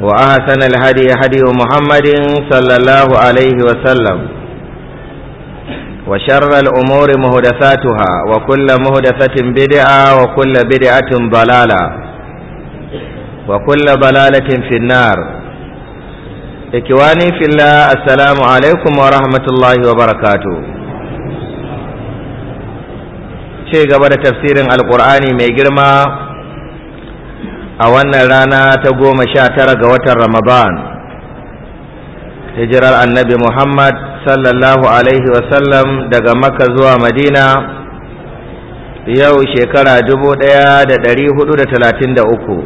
وأحسن الهدي هدي محمد صلى الله عليه وسلم وشر الأمور مهدثاتها وكل مهدثة بدعة وكل بدعة ضلالة وكل ضلالة في النار إكواني في الله السلام عليكم ورحمة الله وبركاته شيء قبل تفسير القرآن ميجرما a wannan rana ta goma sha tara ga watan ramadan hijirar annabi muhammad sallallahu alaihi wasallam daga makka zuwa madina yau shekara dubu ɗaya da dari hudu da talatin da uku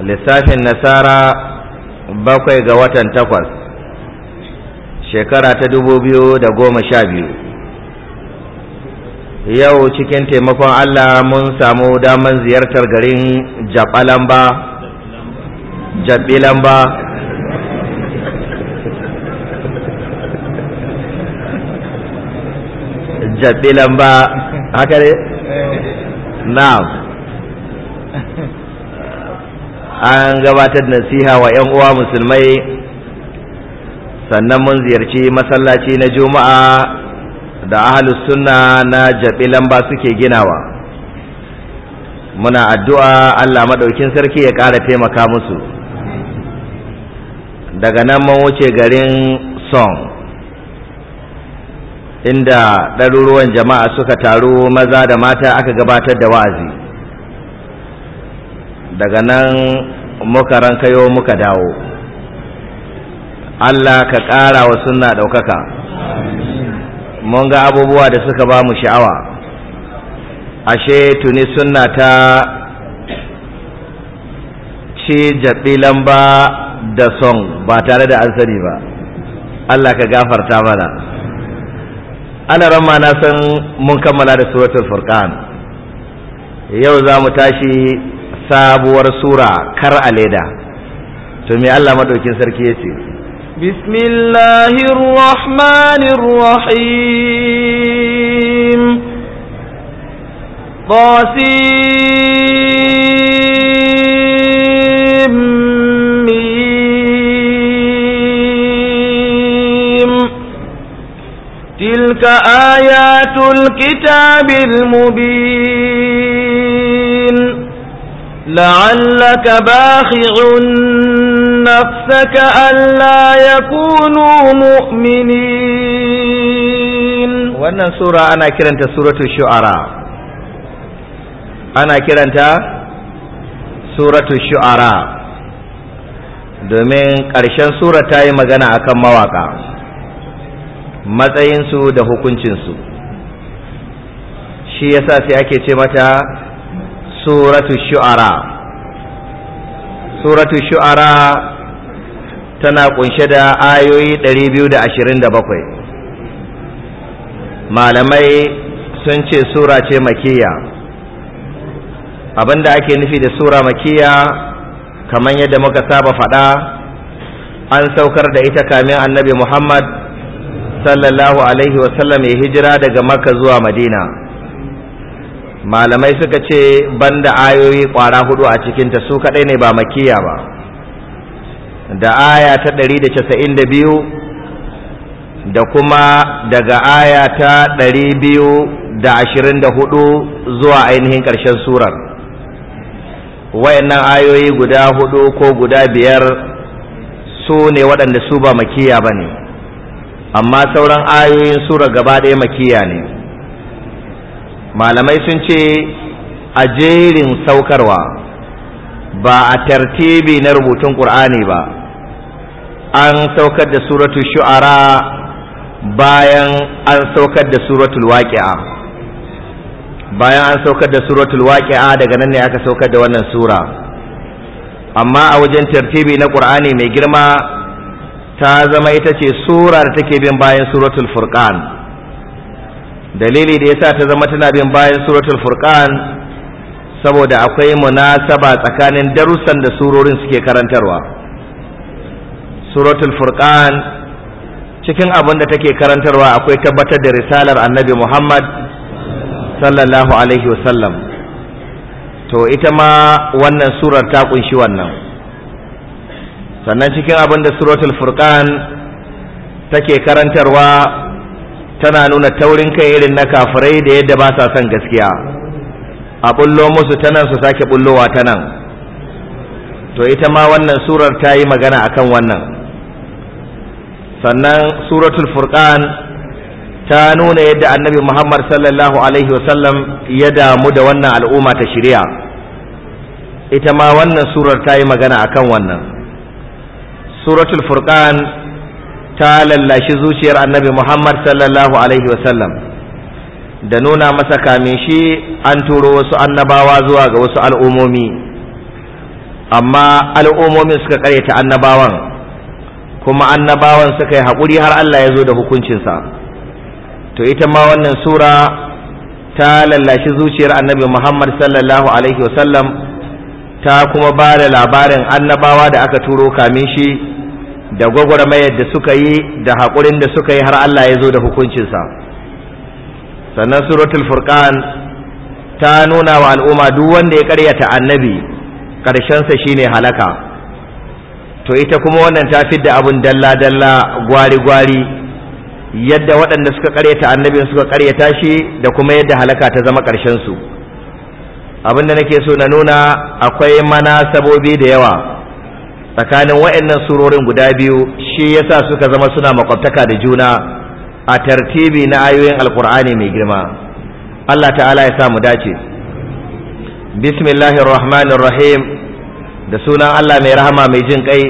lissafin nasara bakwai ga watan takwas shekara ta dubu biyu da goma sha biyu yau cikin taimakon Allah mun samu daman ziyartar garin jabalamba jabilamba jabilamba haka ne na'am an gabatar nasiha wa 'yan uwa musulmai sannan mun ziyarci masallaci na juma'a da ahalus sunna na jaɓi lamba suke ginawa muna addu'a Allah maɗaukin sarki ya ƙara taimaka musu daga nan mun wuce garin song inda ɗaruruwan jama'a suka taru maza da mata aka gabatar da wa'azi daga nan muka rankayo muka dawo Allah ka ƙara wa sunna ɗaukaka mun ga abubuwa da suka ba mu sha'awa ashe tuni suna ta ci jaɓi lamba da son ba tare da an sani ba Allah ka gafarta mana ana ramma na san mun kammala da suratul furqan yau za mu tashi sabuwar sura kar a leda to me Allah maɗaukin sarki ya ce بسم الله الرحمن الرحيم طاسيم تلك آيات الكتاب المبين لعلك باخع نفسك ألا يكونوا مؤمنين wannan sura ana kiranta suratul shu'ara ana kiranta suratul shu'ara domin ƙarshen sura ta yi magana kan mawaƙa matsayinsu da hukuncinsu shi yasa sai ake ce mata suratu shu'ara suratu shu'ara tana kunshe da ayoyi 227 malamai sun ce sura ce makiya abinda ake nufi da sura makiya kamar yadda muka saba faɗa an saukar da ita kamin annabi muhammad sallallahu alaihi wasallam ya hijira daga makka zuwa madina malamai suka ce banda ayoyi kwara hudu a cikinta su kadai ne ba makiya ba da aya ta 192 da kuma daga aya ta 224 zuwa ainihin ƙarshen surar wayannan ayoyi guda hudu ko guda biyar su ne waɗanda su ba makiya ba ne amma sauran ayoyin sura gaba ɗaya makiya ne malamai sun ce a jerin saukarwa ba a tartibi na rubutun ƙur'ani ba an saukar da suratu shu'ara bayan an saukar da suratul waƙi'a bayan an saukar da suratul waƙi'a daga nan ne aka saukar da wannan sura amma a wajen tartibi na ƙur'ani mai girma ta zama ita ce surar take bin bayan suratul furqan dalili da yasa ta zama tana bin bayan suratul furqan saboda akwai munasaba tsakanin darussan da surorin suke karantarwa suratul furqan cikin abin da take karantarwa akwai tabbatar da risalar annabi muhammad sallallahu alaihi wasallam to ita ma wannan surar ta kunshi wannan sannan cikin abin da suratul furqan take karantarwa tana nuna taurin kai irin na kafirai da yadda ba sa son gaskiya a bullo musu ta nan su sake bullowa ta nan to ita ma wannan surar ta yi magana akan wannan sannan suratul furqan ta nuna yadda annabi muhammad sallallahu alaihi wasallam ya damu da wannan al'umma ta shirya ita ma wannan surar ta yi magana akan wannan suratul furqan ta lallashi zuciyar annabi Muhammad sallallahu alaihi wasallam da nuna masa kamin shi an turo wasu annabawa zuwa ga wasu al'umomi amma al'umomin suka karyata annabawan kuma annabawan suka yi haƙuri har Allah ya zo da hukuncinsa to ita ma wannan sura ta lallashi zuciyar annabi Muhammad sallallahu alaihi wasallam ta kuma ba da labarin annabawa da aka turo kamin shi da gwagwarmayar da suka yi da haƙurin da suka yi har Allah ya zo da hukuncinsa sannan suratul furqan ta nuna wa al'umma duk wanda ya karyata annabi ƙarshensa shine halaka to ita kuma wannan ta fi da abun dalla-dalla gwari-gwari yadda waɗanda suka karyata annabin suka karyata shi da kuma yadda halaka ta zama ƙarshensu abin da nake so na nuna akwai manasabobi da yawa tsakanin wa'annan surorin guda biyu shi yasa suka zama suna makwabtaka da juna a tartibi na ayoyin alkur'ani mai girma Allah ta'ala ya sa mu dace bismillahir da sunan Allah mai rahama mai jin kai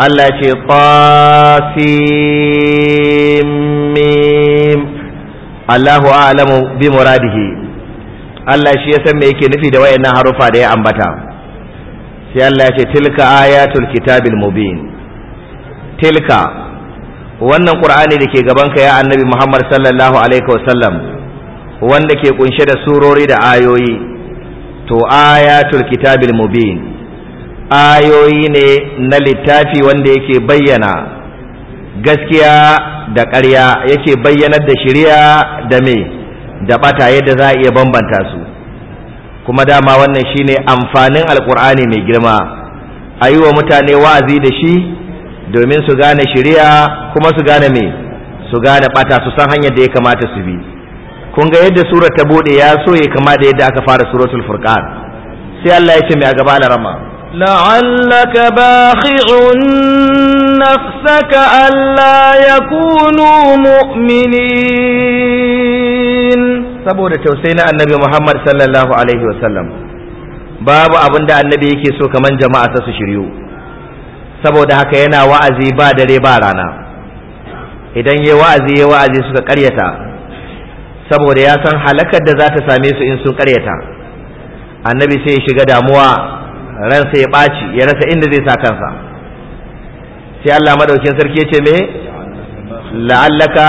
Allah ce Allahu a'lamu bi muradihi Allah shi ya san me yake nufi da wayannan harufa da ya ambata sai Allah ya ce tilka ayatul kitabil mubin tilka wannan qur'ani da ke ka ya annabi Muhammad sallallahu alaihi wasallam wanda ke kunshe da surori da ayoyi to ayatul kitabil mubin ayoyi ne na littafi wanda yake bayyana gaskiya da ƙarya yake bayyanar da shiriya da me da bata yadda za a iya bambanta su kuma dama wannan shine amfanin alkur'ani mai girma a yi wa mutane wa'azi da shi domin su gane shiriya kuma su gane me su gane bata su san hanyar da ya kamata su bi kun ga yadda surar ta bude ya so ya kama da yadda aka fara suratul furqan sai Allah ya ce mai a gaba rama. la'allaka bakhi'un nafsaka alla yakunu mu'minin saboda tausayi na annabi Muhammad sallallahu alaihi wasallam babu abin da annabi yake so kaman jama'a ta su shiryu saboda haka yana wa'azi ba dare ba rana idan ya wa'azi ya wa'azi suka karyata saboda ya san halakar da za ta same su in sun karyata annabi sai ya shiga damuwa ransa ya ɓaci ya rasa inda zai sa kansa sai Allah madaukin sarki ya ce me la'allaka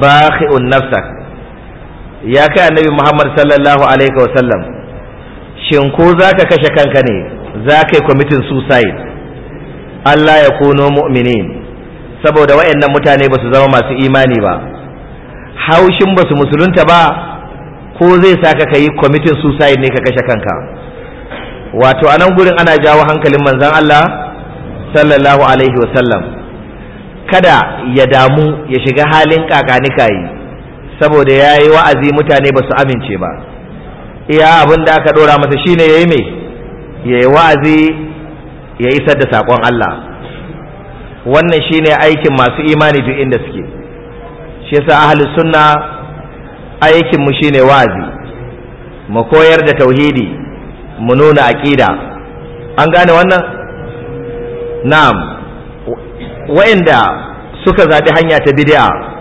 bakhi'un nafsak ya kai annabi Muhammad sallallahu alaihi wa sallam shin ko zaka kashe kanka ne zaka yi committing suicide Allah ya kuno mu'minin saboda wayannan mutane ba su zama masu imani ba haushin ba su musulunta ba ko zai saka kai committing suicide ne ka kashe kanka wato a nan gurin ana jawo hankalin manzon Allah sallallahu alaihi wa sallam kada ya damu ya shiga halin kakanikayi saboda ya yi wa'azi mutane ba su amince ba iya abin da aka ɗora masa shine ya yi mai ya yi wa'azi ya isar da saƙon Allah wannan shine aikin masu imani duk inda suke shi yasa ahlus sunna aikin mu shine wa'azi mu koyar da tauhidi mu nuna aƙida an gane wannan na'am wa'inda suka zaɓi hanya ta bid'a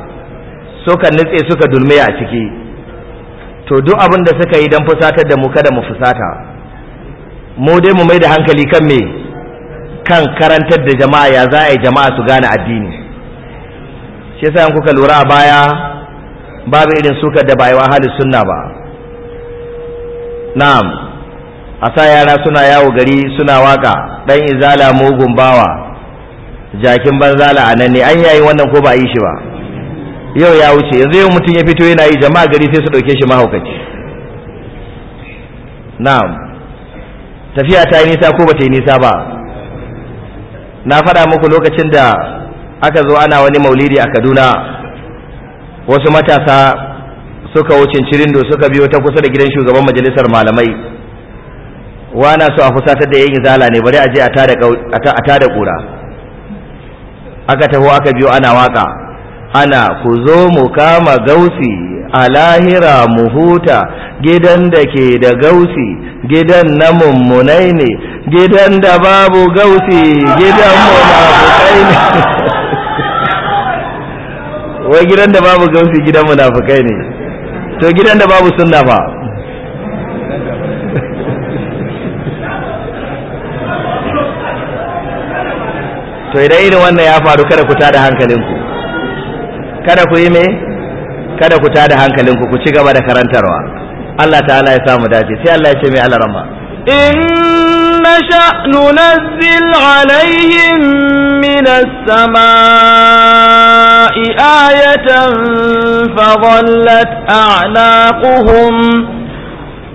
suka nutse suka dulme a ciki to duk abin da suka yi don fusatar da mu kada mu fusata mu dai mu mai da hankali kan me kan karantar da jama'a ya za a yi jama'a su gane addini shi yasa in kuka lura a baya babu irin suka da ba yi wa halin sunna ba na'am a sa yara suna yawo gari suna waka dan izala mugun bawa jakin banzala a nan ne an yayi wannan ko ba a yi shi ba yau ya wuce yanzu yau mutum ya fito yana yi jama'a gari sai su ɗauke shi mahaukaci na'am tafiya ta yi nisa ko ba yi nisa ba na faɗa muku lokacin da aka zo ana wani maulidi a kaduna wasu matasa suka wuce cirindo suka biyo ta kusa da gidan shugaban majalisar malamai wana so a fusatar da yin zala ne bari a je a tada kura aka taho aka biyo ana waka ana ku zo mu kama gausi a lahira mu huta gidan da ke da gausi gidan na mummunai ne gidan da babu gausi gidan mu munafukai ne wai gidan da babu gausi gidan mu munafukai ne to gidan da babu sunna fa to idan irin wannan ya faru kada ku tada hankalinku kada ku yi me kada ku tada hankalinku ku ci gaba da karantarwa Allah ta'ala ya samu dace sai Allah ya ce mai alarama in nasha nunazzil alaihim min as-sama'i ayatan fa dhallat a'naquhum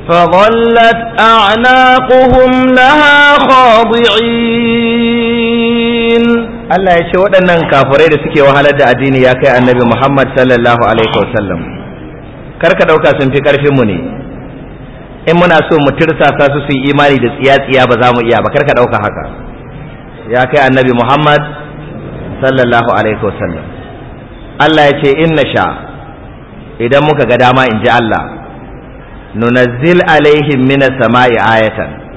فظلت أعناقهم لها Allah ya ce waɗannan kafirai da suke wahalar da addini ya kai annabi Muhammad sallallahu alaihi wasallam kar ka ɗauka sun fi karfin mu ne in muna so mu tirsasa su su yi imani da tsiya-tsiya ba za mu iya ba kar ka ɗauka haka ya kai annabi Muhammad sallallahu alaihi wasallam Allah ya ce in sha idan muka ga dama in ji Allah nunazzil alaihim minas sama'i ayatan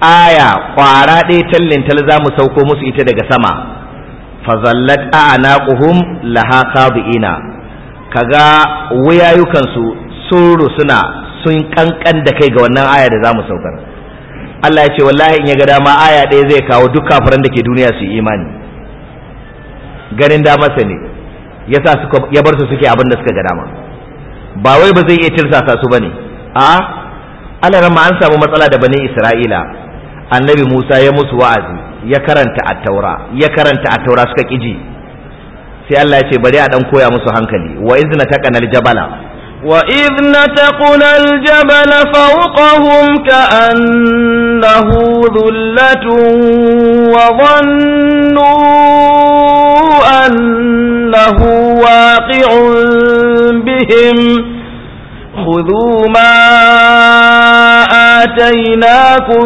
aya kwara ɗaya tallintal za mu sauko musu ita daga sama fazallat a'naquhum laha khadi'ina kaga wuyayukansu sun rusuna sun kankan da kai ga wannan aya da za mu saukar Allah ya ce wallahi in ya ga dama aya ɗaya zai kawo duk kafiran da ke duniya su yi imani ganin damarsa ne yasa suka ya bar su suke abin da suka ga dama ba wai ba zai iya tirsasa su bane a Allah ma an samu matsala da bani Isra'ila annabi Musa ya musu wa'azi ya karanta a taura ya karanta taura suka kiji sai Allah ya ce bari a ɗan koya musu hankali wa izna taqana al-jabala wa izna taqana al fawqahum ka'annahu dhullatun wa dhannu annahu waqi'un bihim khudhu ma آتيناكم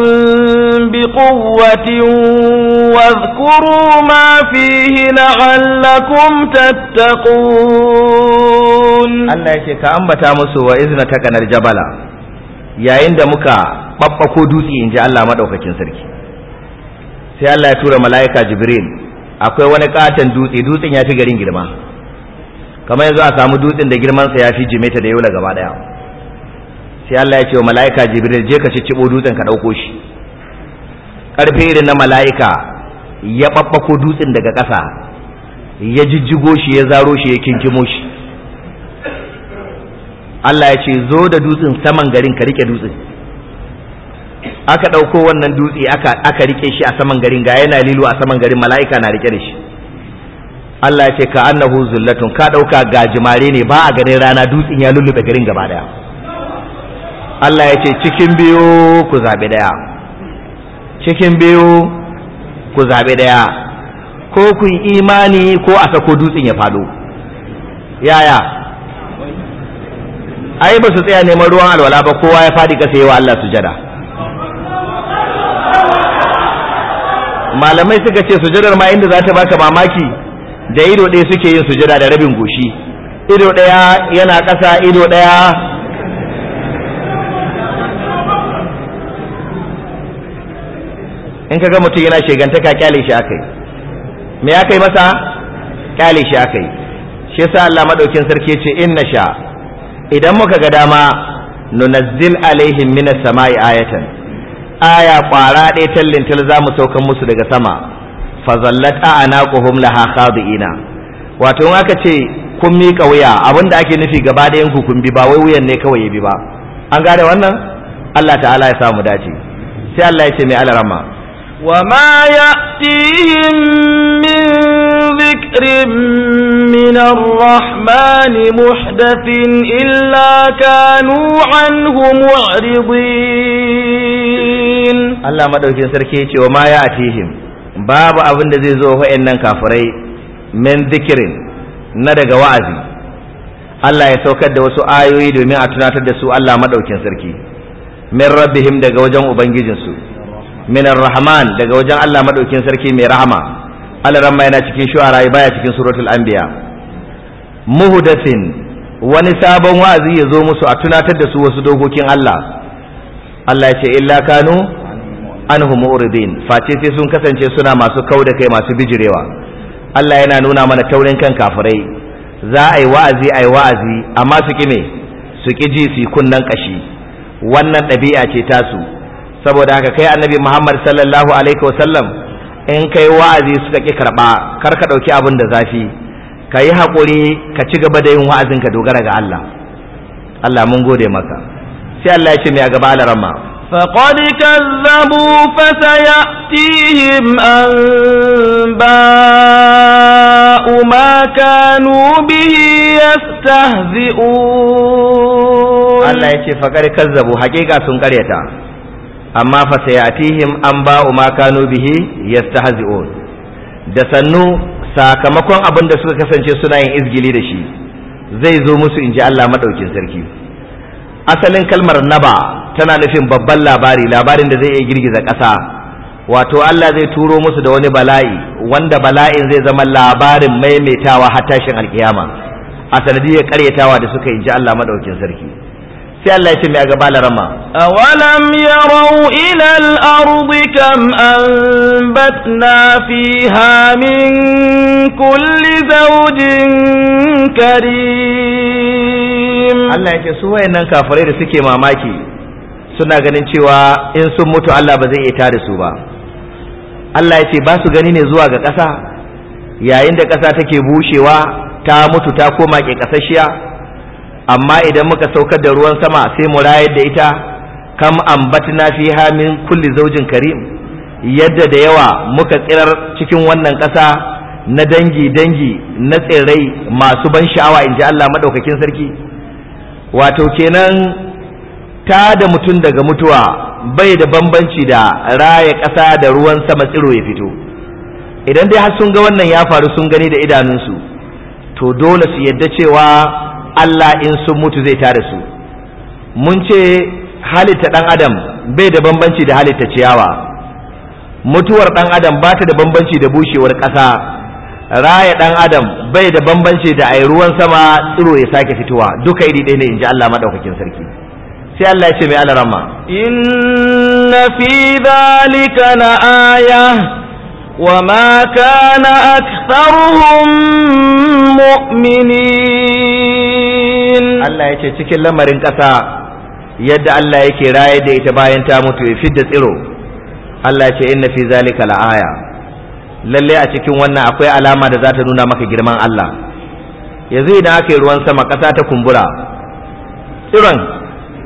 بقوة واذكروا ما فيه لعلكم تتقون الله يكي كأنبتا مسو وإذن تكن الجبل يا عند مكا babbako dutse in ji Allah maɗaukakin sarki sai Allah ya tura mala'ika Jibril akwai wani katon dutse dutsen ya fi garin girma kamar yanzu a samu dutsen da girmansa ya fi jimeta da yola gaba ɗaya sai Allah ya ce wa mala'ika jibril je ka ciccibo dutsen ka ɗauko shi ƙarfe irin na mala'ika ya ɓaɓɓako dutsen daga ƙasa ya jijjigo shi ya zaro shi ya kinkimo shi Allah ya ce zo da dutsen saman garin ka rike dutsen aka ɗauko wannan dutse aka rike shi a saman garin ga yana lilo a saman garin mala'ika na rike da shi Allah ya ce ka annahu zullatun ka ɗauka ga jimare ne ba a ganin rana dutsen ya lullube garin gaba daya Allah ya ce cikin biyu ku zaɓi ɗaya cikin biyu ku zaɓi ɗaya ko ku yi imani ko a sako dutsen ya faɗo yaya ai ba su tsaya neman ruwan alwala ba kowa ya faɗi ƙasa yawa Allah sujada malamai suka ce sujadar ma inda za ta baka mamaki da ido ɗaya suke yin sujada da rabin goshi ido ɗaya yana ƙasa ido ɗaya in ka ga mutum yana shegantaka kyale shi akai me ya kai masa kyale shi akai shi yasa Allah madaukin sarki ce inna sha. idan muka ga dama nunazzil alaihim minas sama'i ayatan aya kwara ɗaya tallin za mu saukan musu daga sama fazallat a'naquhum laha khadi'ina wato in aka ce kun mika wuya abinda ake nufi gaba da yanku kun bi ba wai wuyan ne kawai ya bi ba an gane wannan Allah ta'ala ya samu dace sai Allah ya ce mai alarama وما يأتيهم من ذكر من الرحمن محدث إلا كانوا عنه معرضين الله ما دوكي سركي وما يأتيهم باب أبن دزي زوه إنن كافري من ذكر ندق وعزي Allah ya saukar da wasu ayoyi domin a tunatar da su Allah madaukin sarki min rabbihim daga wajen ubangijinsu minar rahman daga wajen Allah madaukin sarki mai rahama alaran yana cikin shu'ara baya cikin suratul anbiya muhdathin wani sabon wa'azi ya zo musu a tunatar da su wasu dokokin Allah Allah ya ce illa kanu anhu mu'ridin face sai sun kasance suna masu kau da kai masu bijirewa Allah yana nuna mana taurin kan kafirai za a yi wa'azi a yi wa'azi amma su ƙi ne? su ƙi ji su kunnan ƙashi wannan ɗabi'a ce tasu saboda haka kai annabi Muhammad sallallahu alaihi wasallam in kai wa'azi suka ki karba kar ka dauki abin da zafi ka yi hakuri ka ci gaba da yin wa'azin ka dogara ga Allah Allah mun gode maka sai Allah ya ce mai a gaba alarama فقد كذبوا فسيأتيهم أنباء ما كانوا به يستهزئون الله يشفى فقد كذبوا حقيقة سنكريتا amma fa sayatihim an ba'u ma kanu bihi yastahzi'un da sannu sakamakon abin da suka kasance suna yin izgili da shi zai zo musu inji Allah madaukin sarki asalin kalmar naba tana nufin babban labari labarin da zai iya girgiza ƙasa wato Allah zai turo musu da wani bala'i wanda bala'in zai zama labarin maimaitawa har tashin alkiyama a sanadiyar karyatawa da suka inji Allah madaukin sarki sai Allah ya ce mai a gaba larama awalam yarau ila al-ardi kam anbatna fiha min kulli zawjin karim Allah ya ce su wayannan kafirai da suke mamaki suna ganin cewa in sun mutu Allah ba zai iya tare su ba Allah ya ce ba su gani ne zuwa ga ƙasa yayin da ƙasa take bushewa ta mutu ta koma ke ƙasashiya amma idan muka saukar da ruwan sama sai mu rayar da ita kam ambatna fiha min kulli zaujin karim yadda da yawa muka tsirar cikin wannan ƙasa na dangi dangi na tsirrai masu ban sha'awa in Allah madaukakin sarki wato kenan ta da mutum daga mutuwa bai da bambanci da raya ƙasa da ruwan sama tsiro ya fito idan dai har sun ga wannan ya faru sun gani da idanunsu to dole su yadda cewa Allah in sun mutu zai tare su mun ce halitta ɗan adam bai da bambanci da halitta ciyawa mutuwar ɗan adam ba ta da bambanci da bushewar ƙasa raya ɗan adam bai da bambanci da ai ruwan sama tsiro ya sake fitowa duka iri ɗaya ne in ji Allah maɗaukakin sarki sai Allah ya ce mai alarama inna fi zalika na aya wa ma na aktharuhum mu'minin Allah ya ce cikin lamarin ƙasa yadda Allah yake raye da ita bayan ta mutu ya fidda tsiro Allah ya ce inna fi zalika la'aya lalle a cikin wannan akwai alama da za ta nuna maka girman Allah yanzu idan aka yi ruwan sama ƙasa ta kumbura tsiron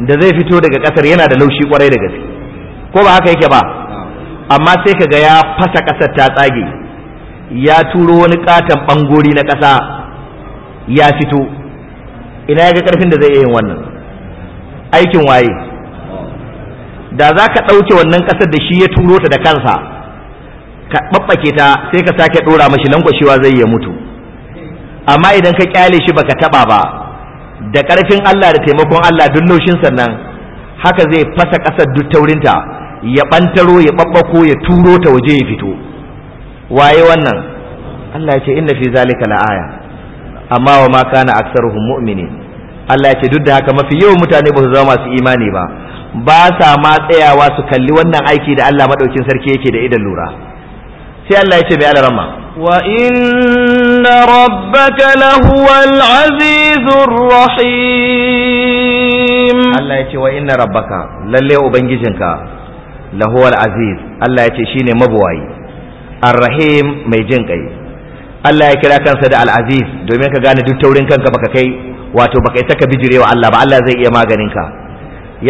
da zai fito daga ƙasar yana da laushi kwarai da gaske ko ba haka yake ba amma sai ka ga ya fasa ƙasar ta tsage ya turo wani katon ɓangori na ƙasa ya fito ina ya ga karfin da zai iya yin wannan aikin waye da za ka ɗauke wannan ƙasar da shi ya turo ta da kansa ka ɓaɓɓake ta sai ka sake ɗora mashi lankwashewa zai ya mutu amma idan ka kyale shi baka taɓa ba da ƙarfin Allah da taimakon Allah duk laushin sannan haka zai fasa ƙasar duk taurinta ya ɓantaro ya ɓaɓɓako ya turo ta waje ya fito waye wannan Allah ya ce inna fi zalika la'aya amma wa ma kana aktsaruhum mu'minin Allah ya ce duk da haka mafi yawan mutane ba su zama masu imani ba ba sa ma tsayawa su kalli wannan aiki da Allah madaukin sarki yake da idan lura sai Allah ya ce bai alarama wa inna rabbaka lahuwal azizur rahim Allah ya ce wa inna rabbaka lalle ubangijinka lahuwal aziz Allah ya ce shine mabuwayi arrahim mai jin kai Allah ya kira kansa da al-aziz domin ka gane duk taurin kanka baka kai wato baka isa ka bijirewa Allah ba Allah zai iya maganin ka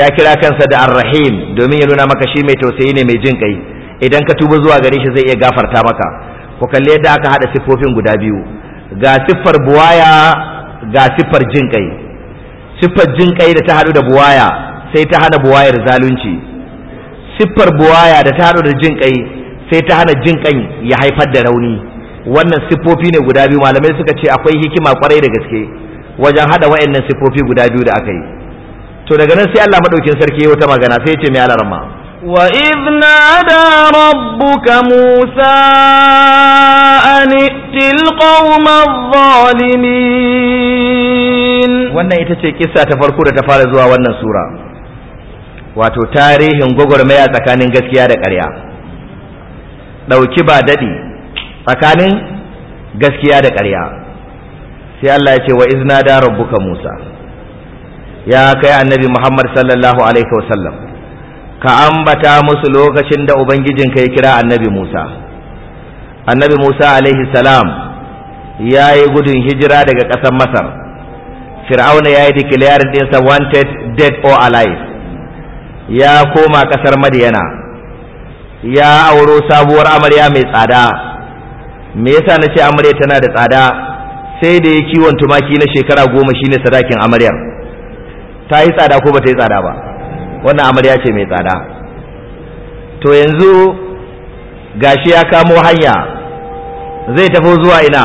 ya kira kansa da ar-rahim domin ya nuna maka shi mai tausayi ne mai jin kai idan ka tuba zuwa gare shi zai iya gafarta maka ku kalle da aka hada siffofin guda biyu ga siffar buwaya ga siffar jin kai siffar jin kai da ta hadu da buwaya sai ta hana buwayar zalunci siffar buwaya da ta hadu da jin kai sai ta hana jin kai ya haifar da rauni wannan siffofi ne guda biyu malamai suka ce akwai hikima kwarai da gaske wajen hada wayannan siffofi guda biyu da aka yi to daga nan sai Allah madaukin sarki wata magana sai ya ce mai alarma wa idh nada rabbuka musa an til zalimin wannan ita ce kissa ta farko da ta fara zuwa wannan sura wato tarihin a tsakanin gaskiya da ƙarya ɗauki ba daɗi tsakanin gaskiya da ƙarya sai Allah ya ce wa izna da rabbuka Musa ya kai annabi Muhammad sallallahu alaihi wasallam ka ambata musu lokacin da ubangijin ya kira annabi Musa annabi Musa alaihi salam ya yi gudun hijira daga ƙasar Masar Fir'auna ya yi declaring ɗinsa wanted dead or alive ya koma ƙasar Madiyana ya auro sabuwar amarya mai tsada me yasa na ce amarya tana da tsada sai da ya kiwon tumaki na shekara goma shine sadakin amaryar ta yi tsada ko ba ta yi tsada ba wannan amarya ce mai tsada to yanzu gashi ya kamo hanya zai tafi zuwa ina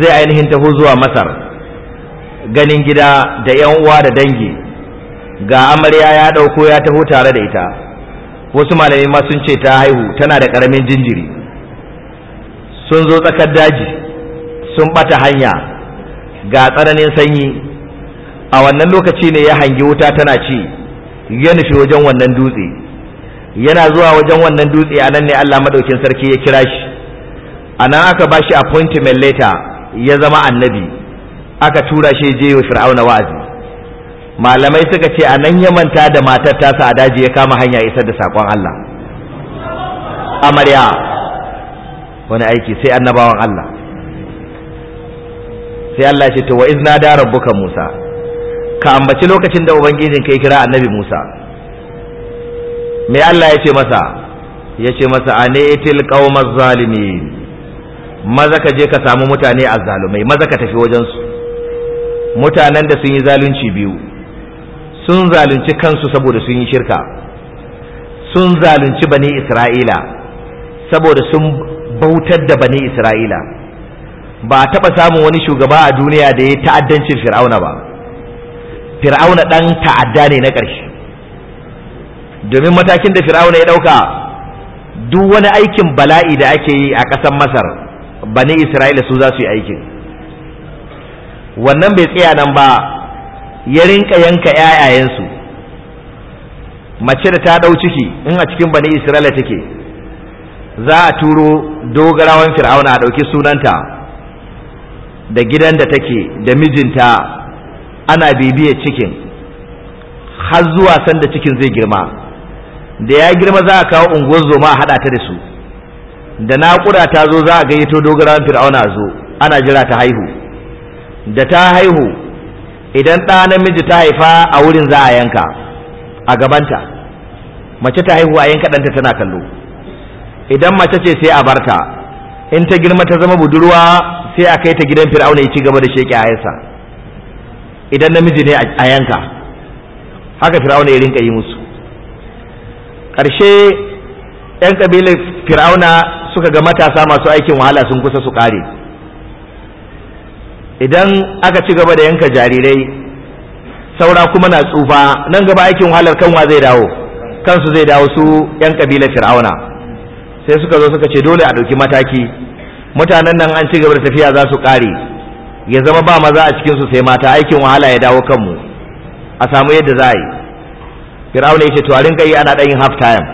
zai ainihin tafi zuwa masar ganin gida da yan uwa da dangi ga amarya ya dauko ya taho tare da ita wasu malami ma sun ce ta haihu tana da ƙaramin jinjiri sun zo tsakar daji sun bata hanya ga tsananin sanyi a wannan lokaci ne ya hangi wuta tana ci ya nufi wajen wannan dutse yana zuwa wajen wannan dutse a nan ne Allah madaukin sarki ya kira shi a nan aka ba shi appointment letter ya zama annabi aka tura shi je wa fir'auna wa'azi malamai suka ce a nan ya manta da matar tasa a daji ya kama hanya isar da saƙon Allah amarya wani aiki sai annabawan Allah sai Allah ce to wa izna da rabbuka Musa ka ambaci lokacin da ubangijin kai kira annabi Musa me Allah ya ce masa ya ce masa anetil qaumaz zalimin maza ka je ka samu mutane azzalumai maza ka tafi wajen su mutanen da sun yi zalunci biyu sun zalunci kansu saboda sun yi shirka sun zalunci bani Isra'ila saboda sun bautar da bani isra'ila ba a taɓa samun wani shugaba a duniya da ya ta'addancin fir'auna ba fir'auna ɗan ta'adda ne na ƙarshe domin matakin da fir'auna ya ɗauka duk wani aikin bala'i da ake yi a ƙasar masar bani isra'ila su za su yi aikin wannan bai tsaya nan ba ya rinka yanka 'ya'yayensu mace da ta ɗau ciki in a cikin bani isra'ila take za a turo dogarawan fir'auna a ɗauki sunanta da gidan da take da mijinta ana bibiyar cikin har zuwa sanda cikin zai girma da ya girma za a kawo unguwar zoma a haɗa ta da su da naƙura ta zo za a gayyato dogarawan fir'auna zo ana jira ta haihu da ta haihu idan ɗa namiji ta haifa a wurin za a yanka a gabanta mace ta haihu a yanka ɗanta tana kallo idan mace ce sai a barta in ta girma ta zama budurwa sai a kai ta gidan fir'auna ya ci gaba da sheke ayarsa idan namiji ne a yanka haka fir'auna ya rinka yi musu ƙarshe 'yan ƙabilar fir'auna suka ga matasa masu aikin wahala sun kusa su ƙare idan aka ci gaba da yanka jarirai saura kuma na tsufa nan gaba aikin wahalar kanwa zai dawo kansu zai dawo su 'yan ƙabilar fir'auna sai suka zo suka ce dole a ɗauki mataki mutanen nan an ci gaba da tafiya za su ƙare ya zama ba maza a cikinsu sai mata aikin wahala ya dawo kanmu a samu yadda za a yi fir'auna ya ce to a rinka yi ana ɗan yin half time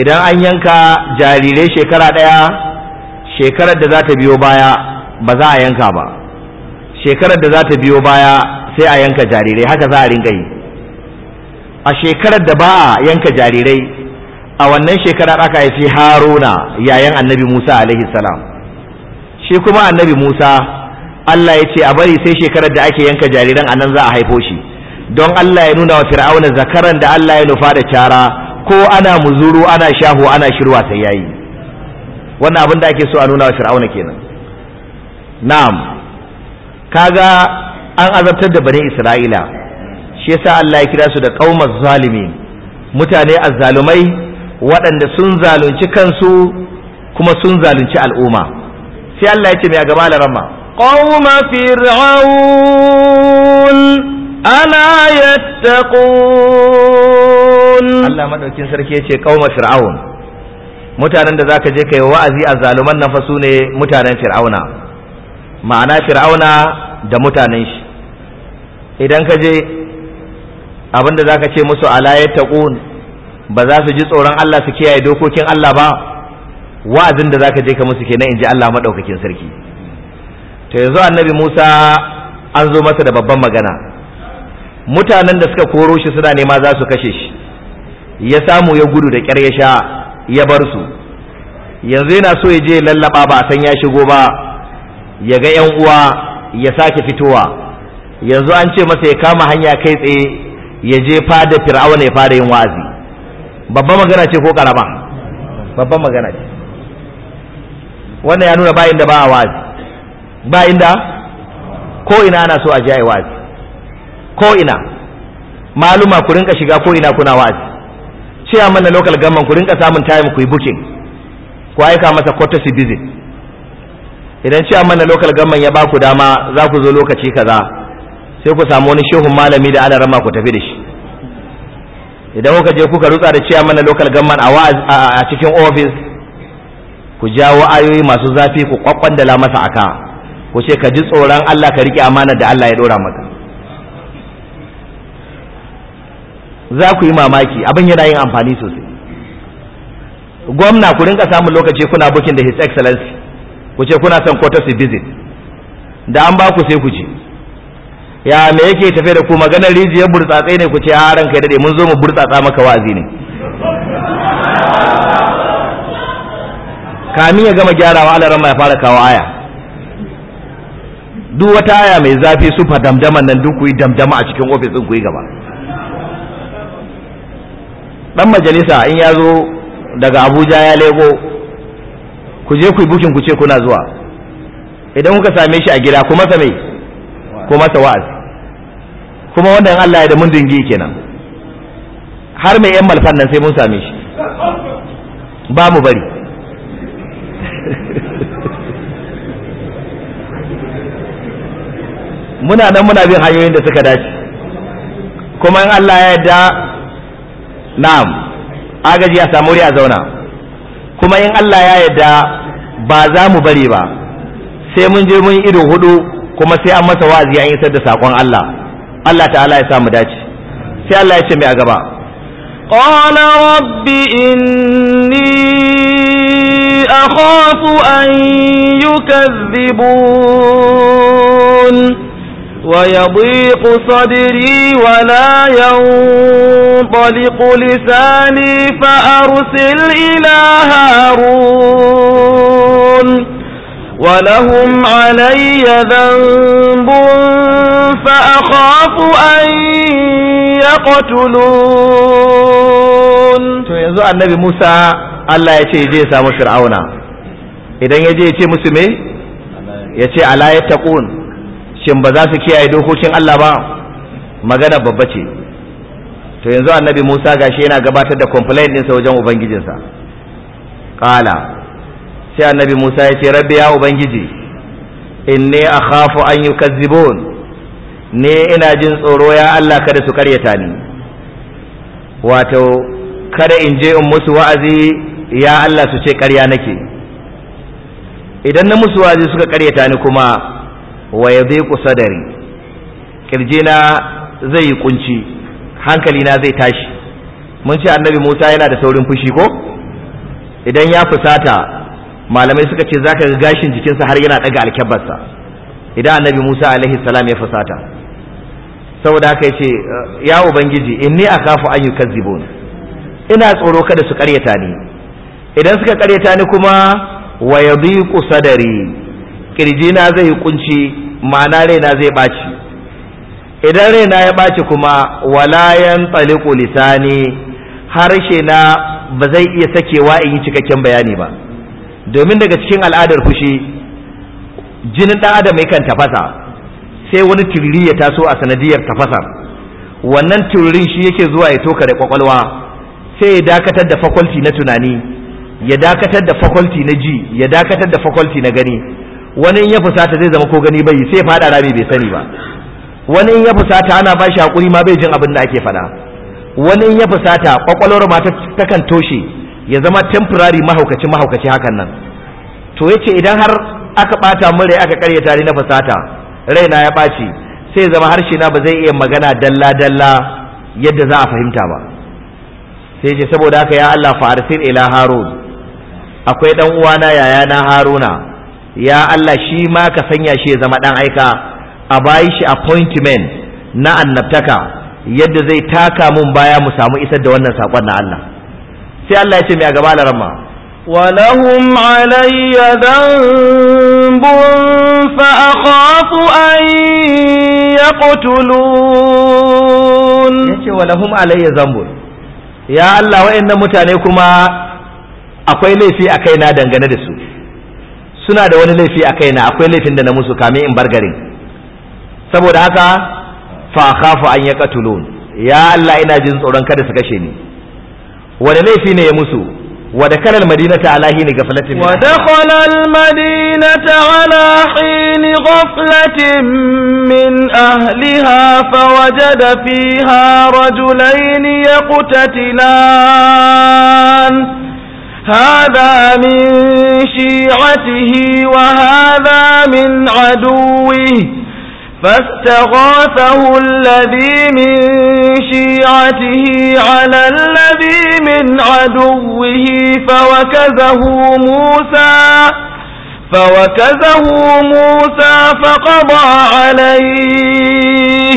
idan an yanka jarirai shekara ɗaya shekarar da za ta biyo baya ba za a yanka ba shekarar da za ta biyo baya sai a yanka jarirai haka za a rinka yi a shekarar da ba a yanka jarirai a wannan shekara aka haifi haruna yayan annabi musa alaihi salam shi kuma annabi musa allah ya ce a bari sai shekarar da ake yanka jariran a nan za a haifo shi don allah ya nuna wa fir'auna zakaran da allah ya nufa da cara ko ana muzuru ana shahu ana shirwa sai yayi wannan abin da ake so a nuna wa fir'auna kenan na'am kaga an azabtar da bani isra'ila shi yasa allah ya kira su da qaumaz zalimin mutane azzalumai waɗanda sun zalunci kansu kuma sun zalunci al'umma sai Allah ya ce mai a gaba larama qauma fir'aun ala yattaqun Allah madaukin sarki yace ce qauma fir'aun mutanen da zaka je kai wa'azi a zaluman nan fa sune mutanen fir'auna ma'ana fir'auna da mutanen shi idan ka je abinda zaka ce musu ala yattaqun ba za su ji tsoron Allah su kiyaye dokokin Allah ba wa'azin da zaka je ka musu kenan in ji Allah madaukakin sarki to yanzu annabi Musa an zo masa da babban magana mutanen da suka koro shi suna nema za su kashe shi ya samu ya gudu da kyar ya sha ya bar su yanzu yana so ya je lallaba ba a san ya shigo ba ya ga yan uwa ya sake fitowa yanzu an ce masa ya kama hanya kai tsaye ya je fada fir'auna ya fara yin wa'azi Babban magana ce ko karama babban magana ce wannan ya nuna bayin inda ba a wazi ba inda ko ina ana so a ji a wazi ko ina maluma ku rinka shiga ko ina kuna wazi cewa mana local government ku rinka samun time ku yi booking ku aika masa courtesy visit idan cewa mana local government ya ba ku dama za ku zo lokaci kaza sai ku samu wani shehun malami da ana rama ku tafi da shi idan kuka je kuka rutsa da cewa mana local government a cikin office ku jawo ayoyi masu zafi ku kwakwandala masa aka ku ce ka ji tsoron Allah ka rike amanar da Allah ya dora maka za ku yi mamaki abin yana yin amfani sosai gwamna ku rinka samun lokaci kuna booking da his excellency ku ce kuna son quarter visit da an ba ku sai ku je ya me yake tafe da ku maganar rijiyar burtsatsai ne ku ce a ranka ya dade mun zo mu burtsatsa maka wa'azi ne kamin ya gama gyarawa alaran ya fara kawo aya duk wata aya mai zafi su fa damdaman nan duk ku yi damdama a cikin ofis din ku yi gaba dan majalisa in ya zo daga Abuja ya lego ku je ku yi bukin ku ce kuna zuwa idan kuka same shi a gida ku masa mai ko masa wa'azi kuma wannan Allah ya da mun dingi kenan har mai yan malfan nan sai mun same shi ba mu bari muna nan muna bin hanyoyin da suka dace kuma in Allah ya da na'am agaji a samu a zauna kuma in Allah ya yarda ba za mu bari ba sai mun je mun ido hudu kuma sai an masa wa'azi an isar da sakon Allah Allah ta'ala ya samu dace sai Allah ya ce mai a gaba qala rabbi inni akhafu an yukazzibun ويضيق صدري ولا ينطلق لساني فأرسل إلى Harun. ولهم علي ذنب فأخاف أن يقتلون to yanzu annabi Musa Allah ya ce je samu Fir'auna idan ya je ya ce musu me ya ce ala yattaqun shin ba za su kiyaye dokokin Allah ba magana babba ce to yanzu annabi Musa gashi yana gabatar da complaint ɗinsa wajen ubangijinsa qala sai annabi Musa ya ce rabbi ya ubangiji inni akhafu an yukazzibun ne ina jin tsoro ya Allah kada su karyata ni wato kada in je in musu wa'azi ya Allah su ce karya nake idan na musu wa'azi suka karyata ni kuma wa yadhiqu sadari kirjina zai yi kunci hankalina zai tashi mun ce annabi Musa yana da saurin fushi ko idan ya fusata malamai suka ce zaka ga gashin jikinsa har yana daga alkyabarsa idan annabi Musa alaihi salam ya fusata saboda haka yace ya ubangiji inni akafu an yukazzibun ina tsoro kada su ƙaryata ni idan suka ƙaryata ni kuma wa yadiqu sadari kirjina zai kunci ma'ana raina zai baci idan raina ya baci kuma walayan taliqu lisani harshe na ba zai iya sakewa in yi cikakken bayani ba domin daga cikin al'adar fushi jinin ɗan adam yakan tafasa sai wani tururi ya taso a sanadiyar tafasar wannan tururin shi yake zuwa ya toka da kwakwalwa sai ya dakatar da fakulti na tunani ya dakatar da fakulti na ji ya dakatar da fakwalti na gani wani ya fusata zai zama ko gani bai sai fada rami bai sani ba wani ya fusata ana ba shi hakuri ma bai jin abin da ake faɗa wani ya fusata kwakwalwar ma ta kan toshe ya zama temporary mahaukaci mahaukaci hakan nan to yace idan har aka bata mun rai aka karya tare na fasata raina ya ɓaci sai zama harshe na ba zai iya magana dalla dalla yadda za a fahimta ba sai ce saboda haka ya Allah farsil ila harun akwai dan uwana na haruna ya Allah shi ma ka sanya shi ya zama dan aika a bayi shi appointment na annabtaka yadda zai taka mun baya mu samu isar da wannan sakon na Allah sai Allah ya ce mai a gaba larama ولهم علي ذنب فأخاف أن يقتلون yace walahum alayya zambun ya Allah wa'annan mutane kuma akwai laifi a kaina dangane da su suna da wani laifi a kaina akwai laifin da na musu kame in bar garin saboda haka fa khafu an yaqtulun ya Allah ina jin tsoron kada su kashe ni wani laifi ne ya musu ودخل المدينة على حين غفلة منها ودخل المدينة على حين غفلة من أهلها فوجد فيها رجلين يقتتلان هذا من شيعته وهذا من عدوه فاستغاثه الذي من شيعته على الذي من عدوه فوكزه موسى فوكزه موسى فقضى عليه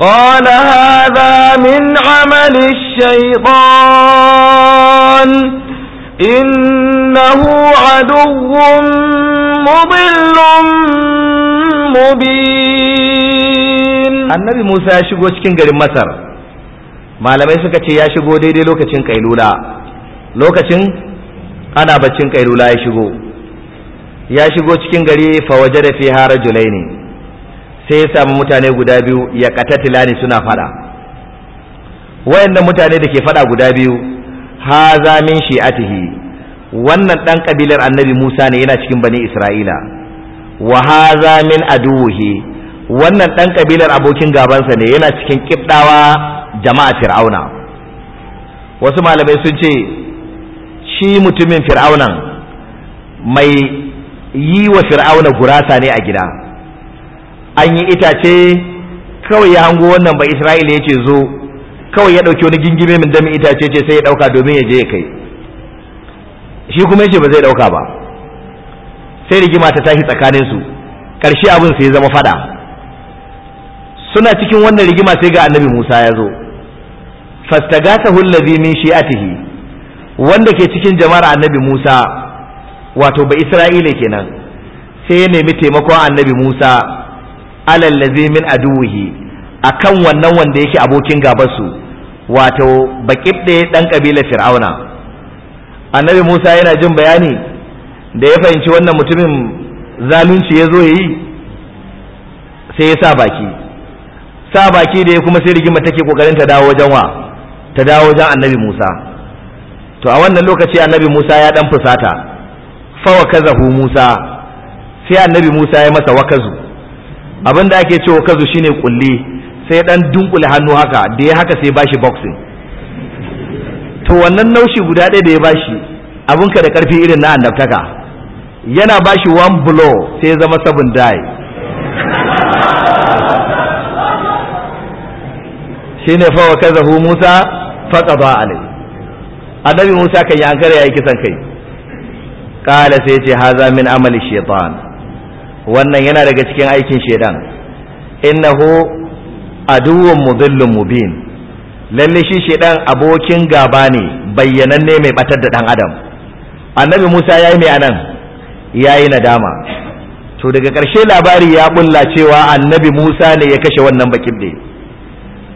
قال هذا من عمل الشيطان إنه عدو مضل مبين annabi Musa ya shigo cikin garin Masar malamai suka ce ya shigo daidai lokacin kailula lokacin ana baccin kailula ya shigo ya shigo cikin gari fawaje da julai ne sai ya samu mutane guda biyu ya katatilani suna fada wayannan mutane da ke fada guda biyu za min shi'atihi wannan dan kabilar annabi Musa ne yana cikin bani Isra'ila wa za min aduhi wannan ɗan ƙabilar abokin gabansa ne yana cikin ƙibɗawa jama'a fir'auna wasu malamai sun ce shi mutumin fir'aunan mai yi wa fir'auna gurasa ne a gida an yi itace kawai ya hango wannan ba isra'ila ya ce zo kawai ya ɗauki wani gingime min dami itace ce sai ya ɗauka domin ya je ya kai shi kuma ce ba zai ɗauka ba sai rigima ta tashi tsakaninsu ƙarshe abin sai ya zama fada suna cikin wannan rigima sai ga annabi Musa ya zo fastagatahu allazi min shi'atihi wanda ke cikin jama'ar annabi Musa wato ba Isra'ila kenan sai ya nemi taimakon annabi Musa alal ladzi min aduwihi akan wannan wanda yake abokin su wato baƙib ɗaya ɗan ƙabilar fir'auna annabi musa yana jin bayani da ya fahimci wannan mutumin zalunci ya zo ya yi sai ya sa baki sa baki da ya kuma sai rigima take kokarin ta dawo wajen wa ta dawo wajen annabi Musa to a wannan lokaci annabi Musa ya dan fusata fa wa kazahu Musa sai annabi Musa ya masa wakazu abinda ake cewa wakazu shine kulli sai dan dunkule hannu haka da ya haka sai bashi boxing to wannan naushi guda ɗaya da ya bashi abinka da karfi irin na annabtaka yana bashi one blow sai ya zama seven die shine fa wa kazahu Musa fa qada alai annabi Musa kan yi ankara yayi kisan kai kala sai ce haza min amali shaitan wannan yana daga cikin aikin shaitan innahu aduwwun mudillun mubin lalle shi shaitan abokin gaba ne bayyananne mai batar da ɗan adam annabi Musa yayi mai anan yayi nadama to daga ƙarshe labari ya bulla cewa annabi Musa ne ya kashe wannan bakin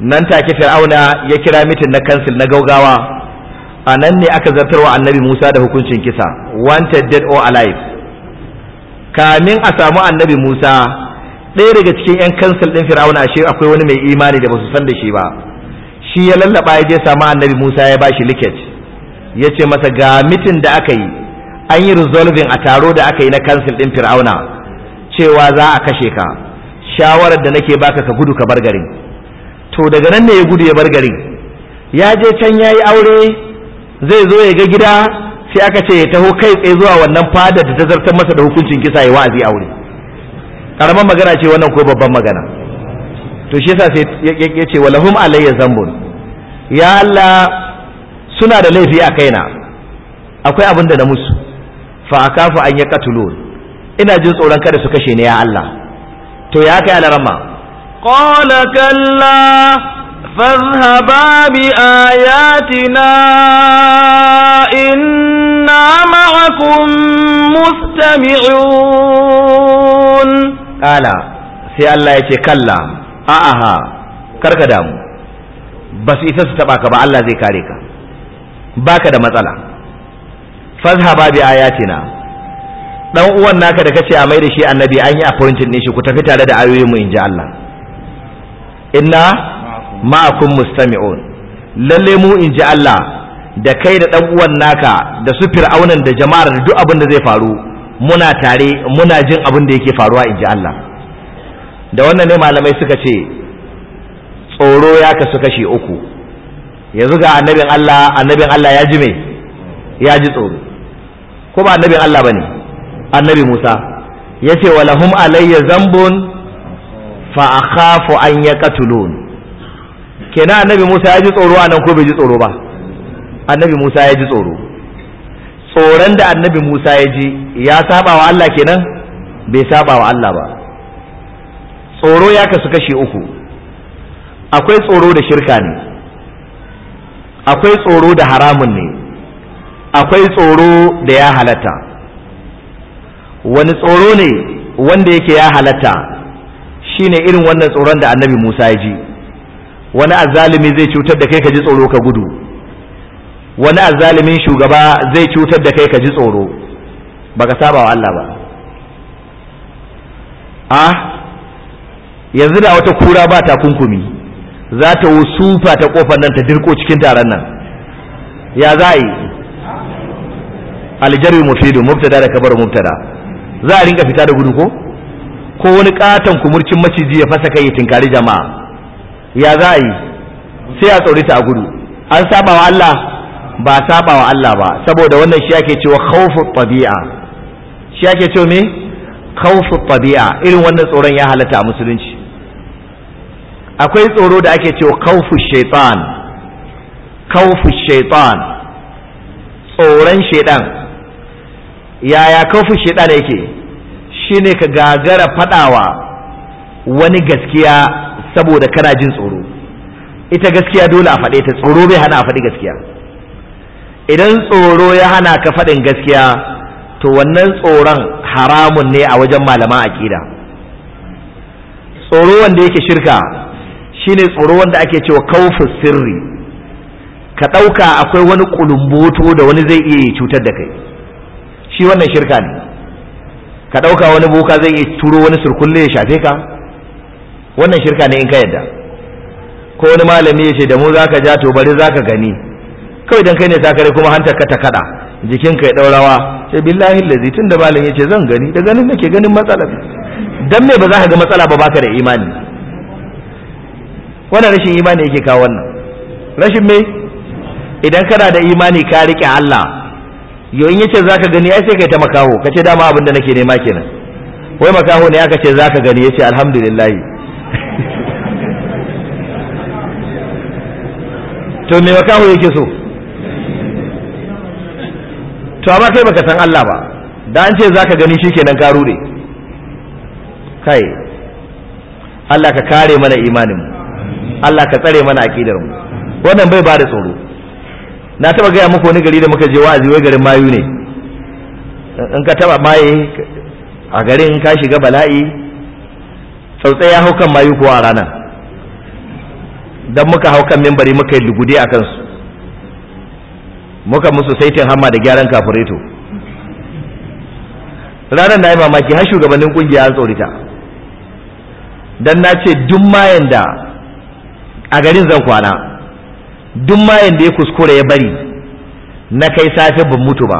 nan take fir'auna ya kira mitin na kansil na gaugawa a nan ne aka zartarwa annabi musa da hukuncin kisa wanted dead or alive kamin a samu annabi musa ɗaya daga cikin 'yan kansil ɗin fir'auna ashe akwai wani mai imani da ba su san da shi ba shi ya lallaba ya je samu annabi musa ya ba shi liket ya ce masa ga mitin da aka yi an yi resolving a taro da aka yi na kansil ɗin fir'auna cewa za a kashe ka shawarar da nake baka ka gudu ka bar garin to daga nan ne ya gudu ya bar gari ya je can ya yi aure zai zo ya ga gida sai aka ce ya taho kai tsaye zuwa wannan fada da ta zartar masa da hukuncin kisa ya wa'azi aure karamar magana ce wannan ko babban magana to shi yasa sai ya ce walahum alayya zambun ya Allah suna da laifi a kaina akwai abin da na musu fa akafu an ya katulun ina jin tsoron kada su kashe ni ya Allah to ya kai alarama قال كلا فاذهبا بآياتنا إنا معكم مستمعون قال سي الله يتي كلا أها كرك دامو بس إذا ستبعك با الله زي كاريك باك دا مطلع فاذهبا بآياتنا dan uwan naka da kace a mai da shi annabi an yi appointment ne shi ku tafi tare da ayoyin mu in ji Allah inna ma'akum mustami'un lalle mu in ji Allah da kai da dan uwan naka da su fir'aunan da jama'ar da duk abin da zai faru muna tare muna jin abin da yake faruwa in ji Allah da wannan ne malamai suka ce tsoro ya kasu kashi uku yanzu ga annabin Allah annabin Allah ya ji me ya ji tsoro ko ba annabin Allah bane annabi Musa yace walahum alayya zambun fa akhafu an yaqtulun kenan annabi Musa ya ji tsoro anan ko bai ji tsoro ba annabi Musa ya ji tsoro tsoron da annabi Musa ya ji ya saba wa Allah kenan bai saba wa Allah ba tsoro ya kasu kashe uku akwai tsoro da shirka ne akwai tsoro da haramun ne akwai tsoro da ya halatta wani tsoro ne wanda yake ya halatta shine irin wannan tsoron da annabi Musa ya ji wani azzalimi zai cutar da kai ka ji tsoro ka gudu wani azzalimin shugaba zai cutar da kai ka ji tsoro baka saba wa Allah ba a yanzu da wata kura ba takunkumi za ta wusufa ta kofar nan ta dirko cikin taron nan ya za a yi aljarri mufidu mubtada da kabar mubtada za a rinka fita da gudu ko ko wani katon kumurcin maciji ya fasa kai ya tinkari jama'a ya za a yi sai a tsorita a gudu an saba wa Allah ba saba wa Allah ba saboda wannan shi ake cewa khawfu tabi'a shi ake cewa me khawfu tabi'a irin wannan tsoron ya halatta a musulunci akwai tsoro da ake cewa khawfu shaytan khawfu shaytan tsoron shaytan yaya khawfu shaytan yake Shi ne ka gagara faɗawa wani gaskiya saboda kana jin tsoro ita gaskiya dole a faɗe ta tsoro bai hana a faɗi gaskiya idan tsoro ya hana ka faɗin gaskiya to wannan tsoron haramun ne a wajen malaman aƙida tsoro wanda yake shirka shine tsoro wanda ake cewa kaufin sirri ka ɗauka akwai wani ƙulumboto da wani zai iya cutar da kai shi wannan shirka ne ka ɗauka wani boka zai iya turo wani surkulle ya shafe ka wannan shirka ne in ka yadda ko wani malami ya ce da mu zaka ja to bari zaka gani kawai dan kai ne sakare kuma hantar ka ta kada jikin ka ya daurawa sai billahi allazi tunda malami ya ce zan gani da ganin nake ganin matsala dan me ba za ka ga matsala ba baka da imani wannan rashin imani yake kawo wannan rashin me idan kana da imani ka rike Allah yau in yace zaka gani ai sai kai ta makaho kace dama abin da nake nema kenan wai makaho ne aka ce zaka gani yace alhamdulillah to me makaho yake so to amma kai baka san Allah ba da an ce zaka gani shikenan ka rure kai Allah ka kare mana imanin mu Allah ka tsare mana aqidar mu wannan bai bada tsoro na taba gaya muku wani gari da muka je wa'azi wai garin mayu ne in ka taba maye a garin ka shiga bala'i tsautsai ya haukan mayu kuwa a ranar don muka haukan membari muka yi lugude a kansu muka musu saitin hama da gyaran kafureto ranar na yi mamaki har shugabannin kungiya an tsorita don na ce duk mayan da a garin zan kwana duk mayan da ya kuskure ya bari na kai safe ban mutu ba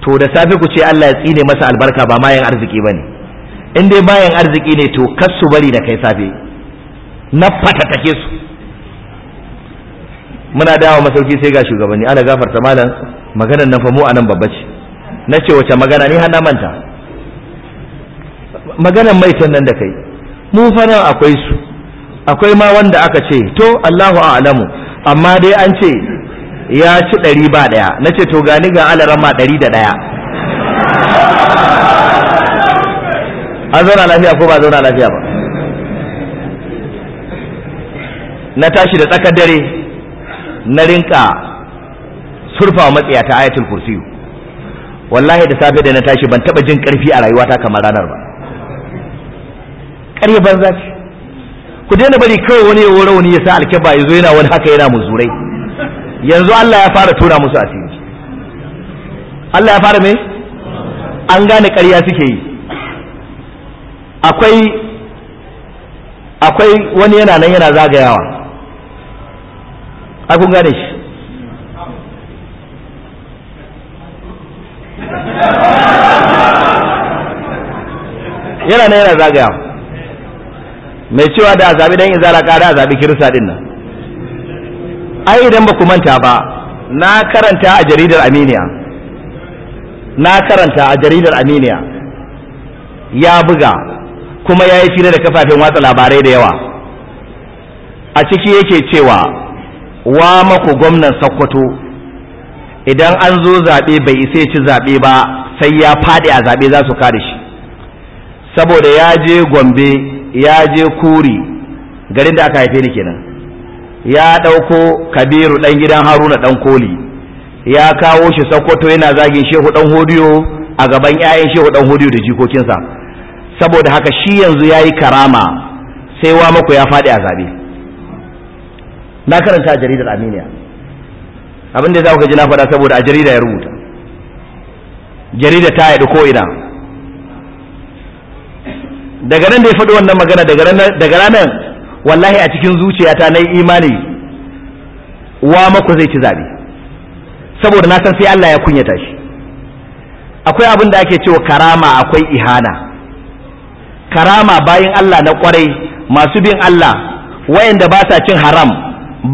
to da safe ku ce Allah ya tsine masa albarka ba mayan arziki bane in dai mayan arziki ne to kar su bari da kai safe na fatatake su muna dawo masauki sai ga shugabanni ana gafarta malam maganar nan fa mu anan babba ce na ce wace magana ni har na manta maganar mai nan da kai mu fa nan akwai su akwai ma wanda aka ce to Allahu a'lamu amma dai an ce ya ci ɗari ba ɗaya na ce to gani ga alarama ɗari da ɗaya an zauna lafiya ko ba zauna lafiya ba na tashi da tsakar dare na rinka surfa matsaya ta ayatul kursiyu wallahi da safe da na tashi ban taba jin karfi a rayuwata kamar ranar ba ƙarfi banza ce ku daina bari kawai wani ya wani ya sa alkaba ya zo yana wani haka yana muzurai yanzu Allah ya fara tura musu asiri Allah ya fara me an gane ƙarya suke yi akwai akwai wani yana nan yana zagayawa kun gane shi yana nan yana zagayawa mai cewa da a dan izara ƙara a zaɓi kirisa din nan ai idan ba ku manta ba na karanta a jaridar aminiya na karanta a jaridar aminiya ya buga kuma ya yi fira da kafafen watsa labarai da yawa a ciki yake cewa wa maku gwamnan sokoto idan an zo zaɓe bai isa ci zaɓe ba sai ya faɗi a zaɓe za su kare shi saboda ya je gombe ya je kuri garin da aka haife ni kenan ya ɗauko kabiru ɗan gidan haruna ɗan koli ya kawo shi sokoto yana zagin shehu ɗan hodiyo a gaban 'ya'yan shehu ɗan hodiyo da jikokinsa saboda haka shi yanzu ya yi karama sai wa mako ya faɗi a zaɓe na karanta a jaridar aminiya abin za ku ji na faɗa saboda a jarida ya rubuta jarida ta yaɗu ko ina daga nan da ya faɗi wannan magana daga ranar wallahi a cikin zuciyata na yi imani wa mako zai ci zabe saboda na san sai Allah ya kunyata shi akwai abin da ake cewa karama akwai ihana karama bayan Allah na kwarai masu bin Allah wayanda ba sa cin haram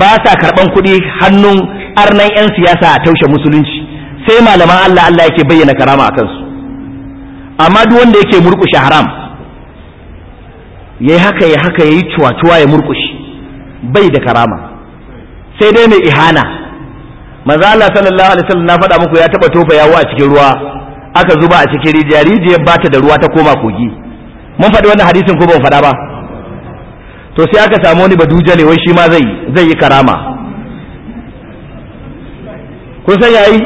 ba sa karban kuɗi hannun arnan 'yan siyasa a taushe musulunci sai malaman Allah Allah yake bayyana karama a kansu amma duk wanda yake murƙushe haram yayi haka ya haka yayi cuwa-cuwa ya murkushi bai da karama sai dai mai ihana maza Allah sallallahu alaihi wasallam na faɗa muku ya taba tofa yawo a cikin ruwa aka zuba a cikin rijiya rijiyar ta da ruwa ta koma kogi mun faɗi wannan hadisin ko ban faɗa ba to sai aka samu wani baduja ne wai shi ma zai zai yi karama kun san yayi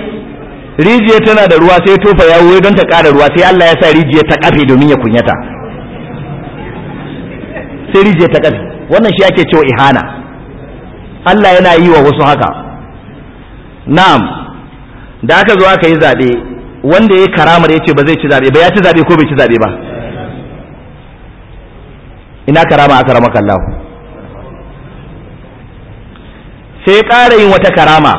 rijiya tana da ruwa sai tofa yawo don ta kara ruwa sai Allah ya sa rijiya ta kafe domin ya kunyata sai rije ta kafi wannan shi ake cewa ihana Allah yana yi wa wasu haka na'am da aka zo aka yi zaɓe wanda ya karamar ya ce ba zai ci zaɓe ba ya ci zaɓe ko bai ci zaɓe ba ina karama aka rama kallahu sai ƙara yin wata karama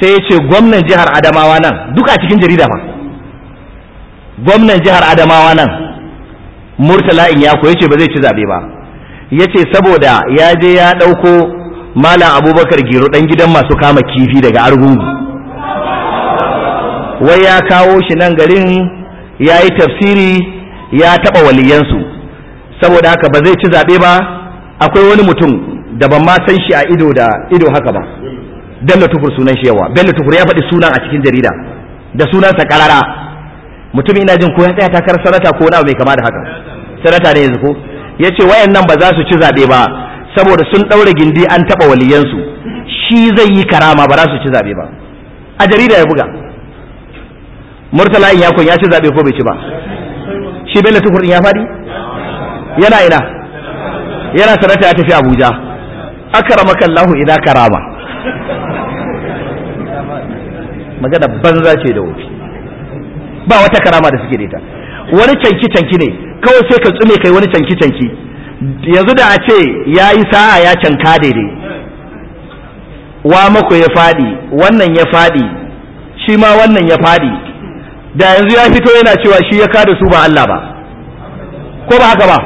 sai ya ce gwamnan jihar adamawa nan duka cikin jarida ba gwamnan jihar adamawa nan murtala in ya yako yace ba zai ci zabe ba yace saboda ya je ya ɗauko malam abubakar giro ɗan gidan masu kama kifi daga argungu wai ya kawo shi nan garin ya yi tafsiri ya taɓa waliyansu saboda haka ba zai ci zaɓe ba akwai wani mutum da ban ma san shi a ido da ido haka ba bello tukur sunan shi yawa bello tukur ya faɗi sunan a cikin jarida da sunansa karara mutum ina jin ko ya tsaya takarar sanata ko na mai kama da haka sanata ne yanzu ko ya ce wayannan ba za su ci zaɓe ba saboda sun ɗaure gindi an taɓa waliyansu shi zai yi karama ba za su ci zaɓe ba a jarida ya buga murtala in yakon ya ci zaɓe ko bai ci ba shi bello tukurin ya faɗi yana ina yana sanata ya tafi abuja akrama Allahu ina karama magana banza ce da wofi ba wata karama da suke da ita wani canki canki ne kawai sai ka tsume kai wani canki canki yanzu da a ce ya yi sa'a ya canka daidai wa mako ya faɗi wannan ya faɗi shi ma wannan ya faɗi da yanzu ya fito yana cewa shi ya kada su ba Allah ba ko ba haka ba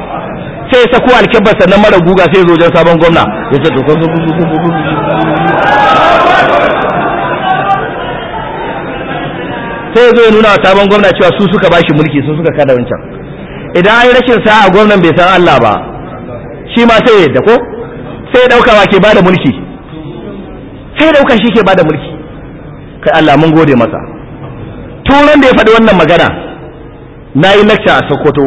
sai ya sako alkibar sannan mara guga sai ya zo wajen sabon gwamna ya ce to kun sai zo ya nuna wa sabon gwamna cewa su suka bashi mulki su suka kada wancan idan an yi rashin sa'a gwamnan bai san Allah ba shi ma sai yadda ko sai ya dauka ke bada mulki sai ya dauka shi ke bada mulki kai Allah mun gode masa turan da ya faɗi wannan magana na yi lacca a Sokoto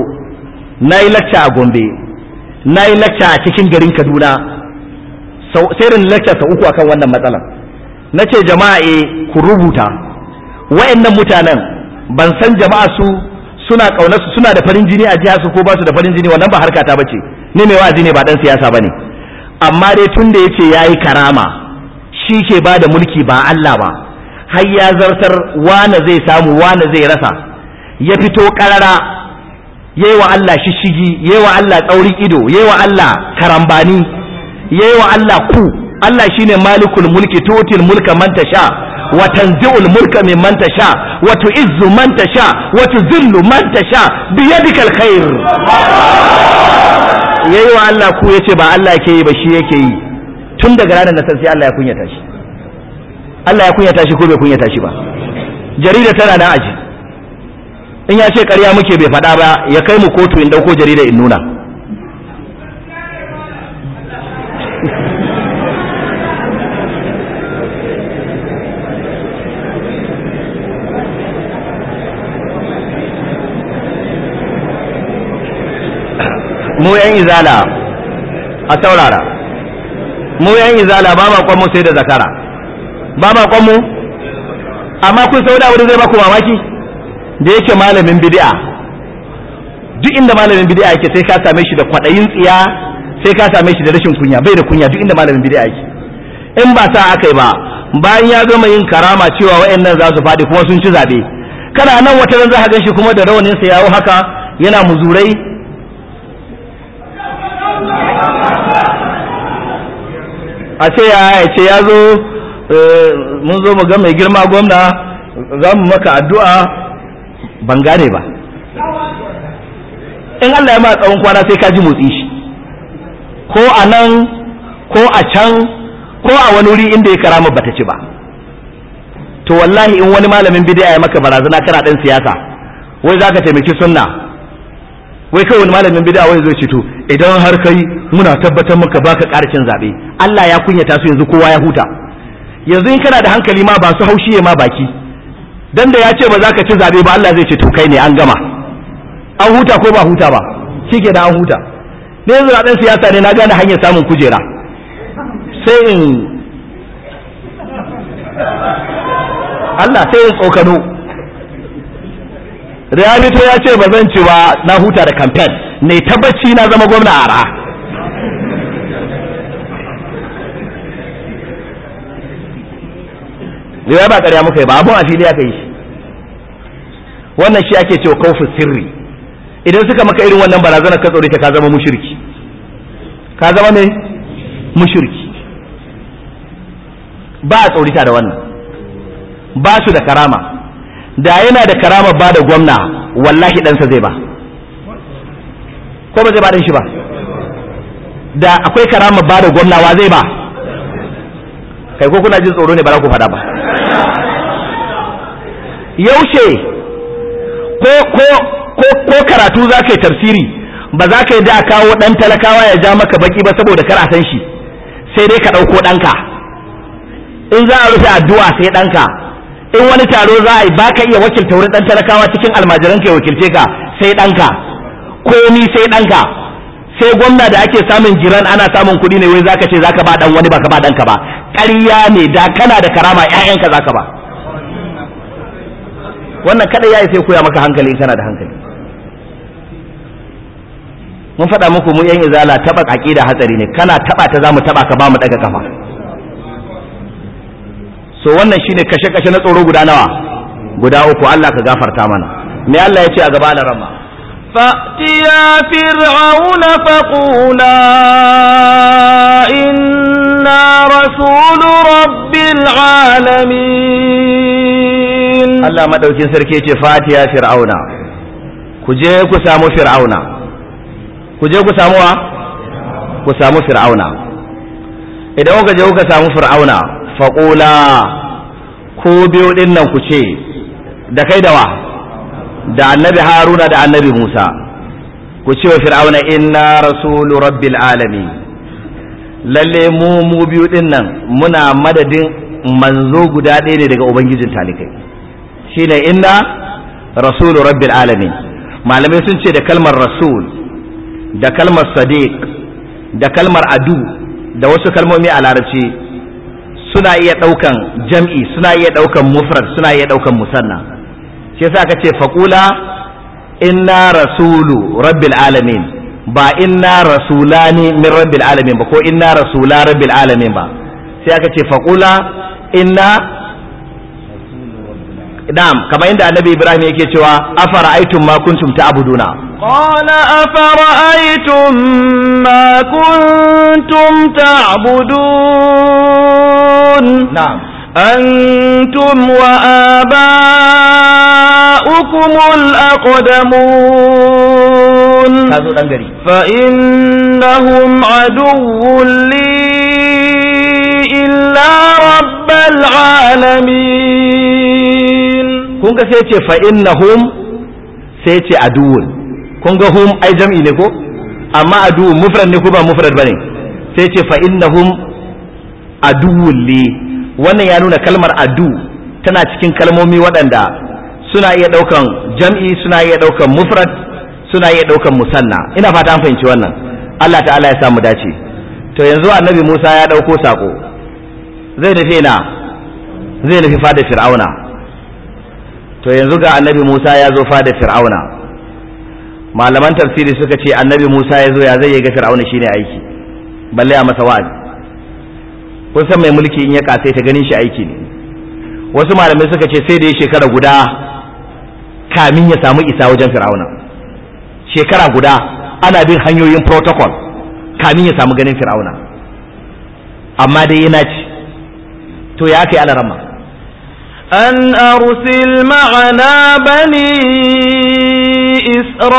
na yi lacca a Gombe na yi lacca a cikin garin Kaduna sai da na lacca ta uku akan wannan matsalar na ce jama'a eh, ku rubuta wayannan mutanen ban san jama'a su suna kaunarsu suna da farin jini a jiha su ko ba su da farin jini wannan ba harka ta bace ni mai wa'azi ne ba dan siyasa bane amma dai tun da yace yayi karama shi ke ba da mulki ba Allah ba har ya zartar wane zai samu wane zai rasa ya fito karara yayi wa Allah shishigi yayi wa Allah tsaurin ido yayi wa Allah karambani yayi wa Allah ku Allah shine malikul mulki tutil mulka man tasha wa tanzi'ul mulka mimman tasha wa tu'izzu man tasha wa tuzillu man tasha bi yadikal khair yayi wa Allah ku yace ba Allah yake yi ba shi yake yi tun daga ranar da sai Allah ya kunyata shi Allah ya kunyata shi ko bai kunyata shi ba jarida tana na aji in ya ce ƙarya muke bai faɗa ba ya kai mu kotu in ɗauko jarida in nuna mu yan izala a saurara mu yan izala ba ma mu sai da zakara ba ma mu amma kun sauda wani zai baku mamaki da yake malamin bid'a duk inda malamin bid'a yake sai ka same shi da kwadayin tsiya sai ka same shi da rashin kunya bai da kunya duk inda malamin bid'a yake in ba sa aka yi ba bayan ya zama yin karama cewa wayannan za su faɗi kuma sun ci zabe kana nan wata ran za ka gan shi kuma da rawanin sa yawo haka yana muzurai a ce ya ya ce ya zo eh, mun zo mu ga mai girma gwamna za mu maka addu'a ban gane ba in Allah ya ma tsawon kwana sai ka ji motsi shi ko a nan ko a can ko a wani wuri inda ya karama bata ci ba to wallahi in wani malamin bid'a ya maka barazana kana dan siyasa wai zaka taimaki sunna wai kai wani malamin bid'a wai zai ce to idan har kai muna tabbatar maka baka karkin zabe Allah ya kunyata su yanzu kowa ya huta yanzu in kana da hankali ma ba su haushiye ma baki dan da ya ce ba za ka ci zabe ba Allah zai ce to kai ne an gama an huta ko ba huta ba shike da an huta ne yanzu na dan siyasa ne na gane hanyar samun kujera sai in Allah sai in tsokano realito ya ce ba zan ci ba na huta da campaign ne tabbaci na zama gwamna ara riya ba ƙarya muka yi ba abun afili ya aka yi wannan shi ake cewa kofin sirri idan suka maka irin wannan barazana ka tsorita ka zama mushirki ka zama ne mushirki ba a tsorita da wannan ba su da karama da yana da karamar ba da gwamna wallahi ɗansa zai ba ko ba zai ba ɗan shi ba da akwai karamar ba da gwamna wa zai ba kai ko kuna jin tsoro ne ba za ku faɗa ba yaushe ko ko ko ko karatu za ka yi tafsiri ba za ka yi da kawo ɗan talakawa ya ja maka baki ba saboda kar a san shi sai dai ka ɗauko ɗanka in za a rufe addu'a sai ɗanka in wani taro za a yi ba ka iya wakilta wurin ɗan talakawa cikin almajiran ka ya wakilce ka sai ɗanka ni sai ɗanka sai gwamna da ake samun jiran ana samun kuɗi ne wai zaka ce zaka ba ɗan wani ka ba ɗanka ba ƙarya ne da kana da karama ƴaƴanka zaka ba wannan kada yayi sai koya maka hankali kana da hankali mun faɗa muku mu yan izala taɓa aƙida hatsari ne kana taɓa ta zamu taɓa ka ba mu ɗaga kafa so wannan shine kashe-kashe na tsoro guda nawa guda uku Allah ka gafarta mana me Allah ya ce a gaba da rama fa'tiya fir'auna faqula inna rasul rabbil alamin Allah madaukin sarki ya ce fatiya fir'auna ku je ku samu fir'auna ku je ku samu wa ku samu fir'auna idan kuka je kuka samu fir'auna Faƙola ko biyu ɗin nan ku ce da kai da wa da annabi haruna da annabi musa ku ce wa fir'auna inna rasulu rabbil alami lalle mu mu biyu ɗin nan muna madadin manzo guda ɗaya ne daga ubangijin talikai shine inna rasulu rabbil alamin malamai sun ce da kalmar rasul da kalmar sadiq da kalmar adu da wasu kalmomi a larabci suna iya ɗaukan jam'i suna iya ɗaukan mufrad suna iya ɗaukan musanna shi yasa aka ce faƙula inna rasulu rabbil alamin ba inna rasulani min rabbil alamin ba ko inna rasula rabbil alamin ba sai aka ce faƙula inna na'am kamar yadda annabi ibrahim yake cewa afara'aytum ma kuntum ta'buduna qala afara'aytum ma kuntum ta'budun na'am أنتم وآباؤكم الأقدمون فإنهم عدو لي إلا رب العالمين kun ga sai ce fa innahum sai ce aduwun kun ga hum ai jam'i ne ko amma aduwun mufrad ne ko ba mufrad bane sai ce fa innahum aduwun li wannan ya nuna kalmar adu tana cikin kalmomi waɗanda suna iya ɗaukan jam'i suna iya ɗaukan mufrad suna iya ɗaukan musanna ina fata an fahimci wannan Allah ta'ala ya samu dace to yanzu annabi Musa ya ɗauko sako zai nufi na zai nufi fada fir'auna to yanzu ga annabi Musa ya zo fada Fir'auna malaman tafsiri suka ce annabi Musa ya zo ya zai ga Fir'auna shine aiki balle a masa wa'azi kun san mai mulki in ya kasai ta ganin shi aiki ne wasu malamai suka ce sai da ya shekara guda kamin ya samu isa wajen Fir'auna shekara guda ana bin hanyoyin protocol kamin ya samu ganin Fir'auna amma dai yana ci to ya kai alarama أن أرسل معنا بني إسرائيل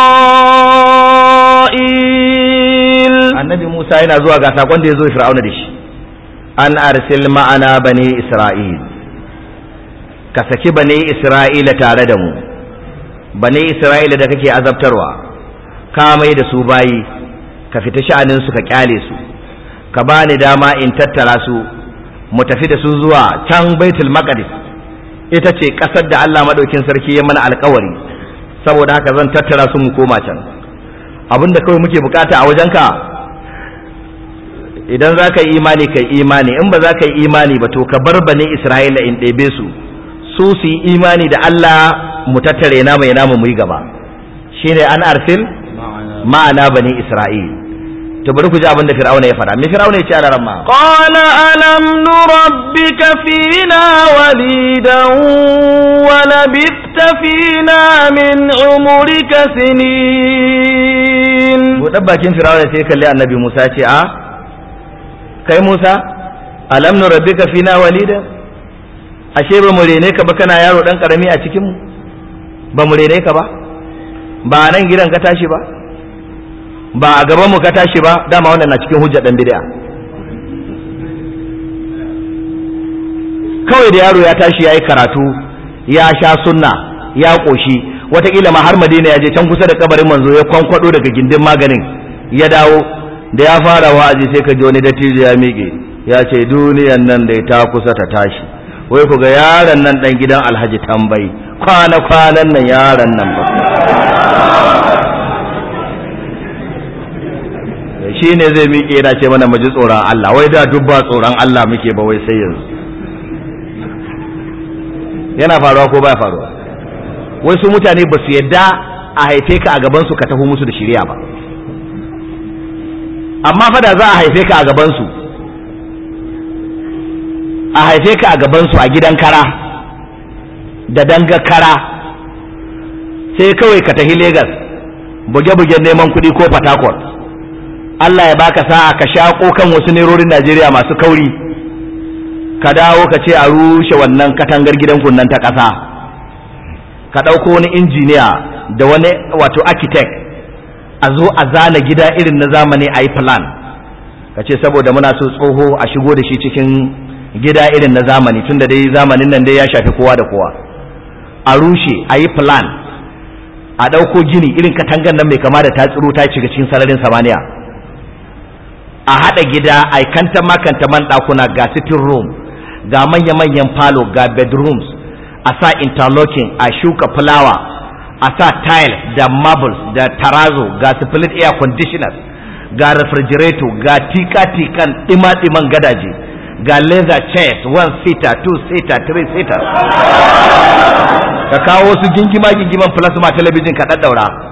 النبي موسى هنا زوا قاسا كون دي فرعون ديش أن أرسل معنا بني إسرائيل كسكي بني إسرائيل تعالى بني إسرائيل da kake تروى كام يد سوباي su bayi ka fita sha'anin su ka kyale su ka bani المقدس ita ce ƙasar da Allah maɗaukin sarki ya mana alkawari saboda haka zan tattara su mu koma can abinda kawai muke bukata a wajenka idan za ka yi imani ka yi imani in ba za ka yi imani ba to ka bar bane isra'ila in ɗebe su su su yi imani da Allah mu tattare namu ya namu mu yi gaba shine an arsil ma'ana bani isra'il to bari ku ji abin da fir'auna ya fara me fir'auna ya ce a daren ma qala alam nurabbika fina walidan wa labitta fina min umrika sinin buɗe bakin fir'auna sai kalli annabi Musa ce a kai Musa alam nurabbika fina walida? ashe ba mu rene ka ba kana yaro dan karami a cikin mu ba mu rene ka ba ba nan gidan ka tashi ba ba a gaban mu ka tashi ba dama wannan na cikin hujja dan bid'a kawai da yaro ya tashi yayi karatu ya sha sunna ya koshi wataƙila ma har madina ya je can kusa da kabarin manzo ya kwankwado daga gindin maganin ya dawo da ya fara wa'azi sai ka ji wani dattijo ya miƙe ya ce duniyan nan dai ta kusa ta tashi wai ku ga yaron nan dan gidan alhaji tambayi kwana kwanan nan yaron nan ba shi ne zai miƙe yana ce mana maji tsoron Allah wai da duk ba tsoron Allah muke ba wai sai yanzu yana faruwa ko baya faruwa wasu mutane ba su yadda a haife ka a gaban su ka taho musu da shirya ba amma fa da za a haife ka a gaban su a haife ka a gaban su a gidan kara da danga kara sai kawai ka tahi Legas buge-bugen neman kuɗi ko Fatakwal. Allah ya baka sa'a ka shaƙo kan wasu nerorin Najeriya masu kauri ka dawo ka ce a rushe wannan katangar gidan kunnan ta ƙasa ka ɗauko wani injiniya da wani wato architect a zo a zana gida irin na zamani a yi plan ka ce saboda muna so tsoho a shigo da shi cikin gida irin na zamani tunda dai zamanin nan dai ya shafi kowa da kowa a rushe a yi plan a ɗauko gini irin katangar nan mai kama da ta tsiro ta shiga cikin sararin samaniya a haɗa gida a kanta makanta man ɗakuna ga sitting room ga manya-manyan palo ga bedrooms a sa interlocking a shuka fulawa a sa tile da marbles da tarazo ga split air conditioners ga refrigerator ga tika-tikan ɗima-ɗiman gadaje ga laser chairs one seater two seater three seater ka kawo wasu gingima-gingiman plasma television ka ɗaɗɗaura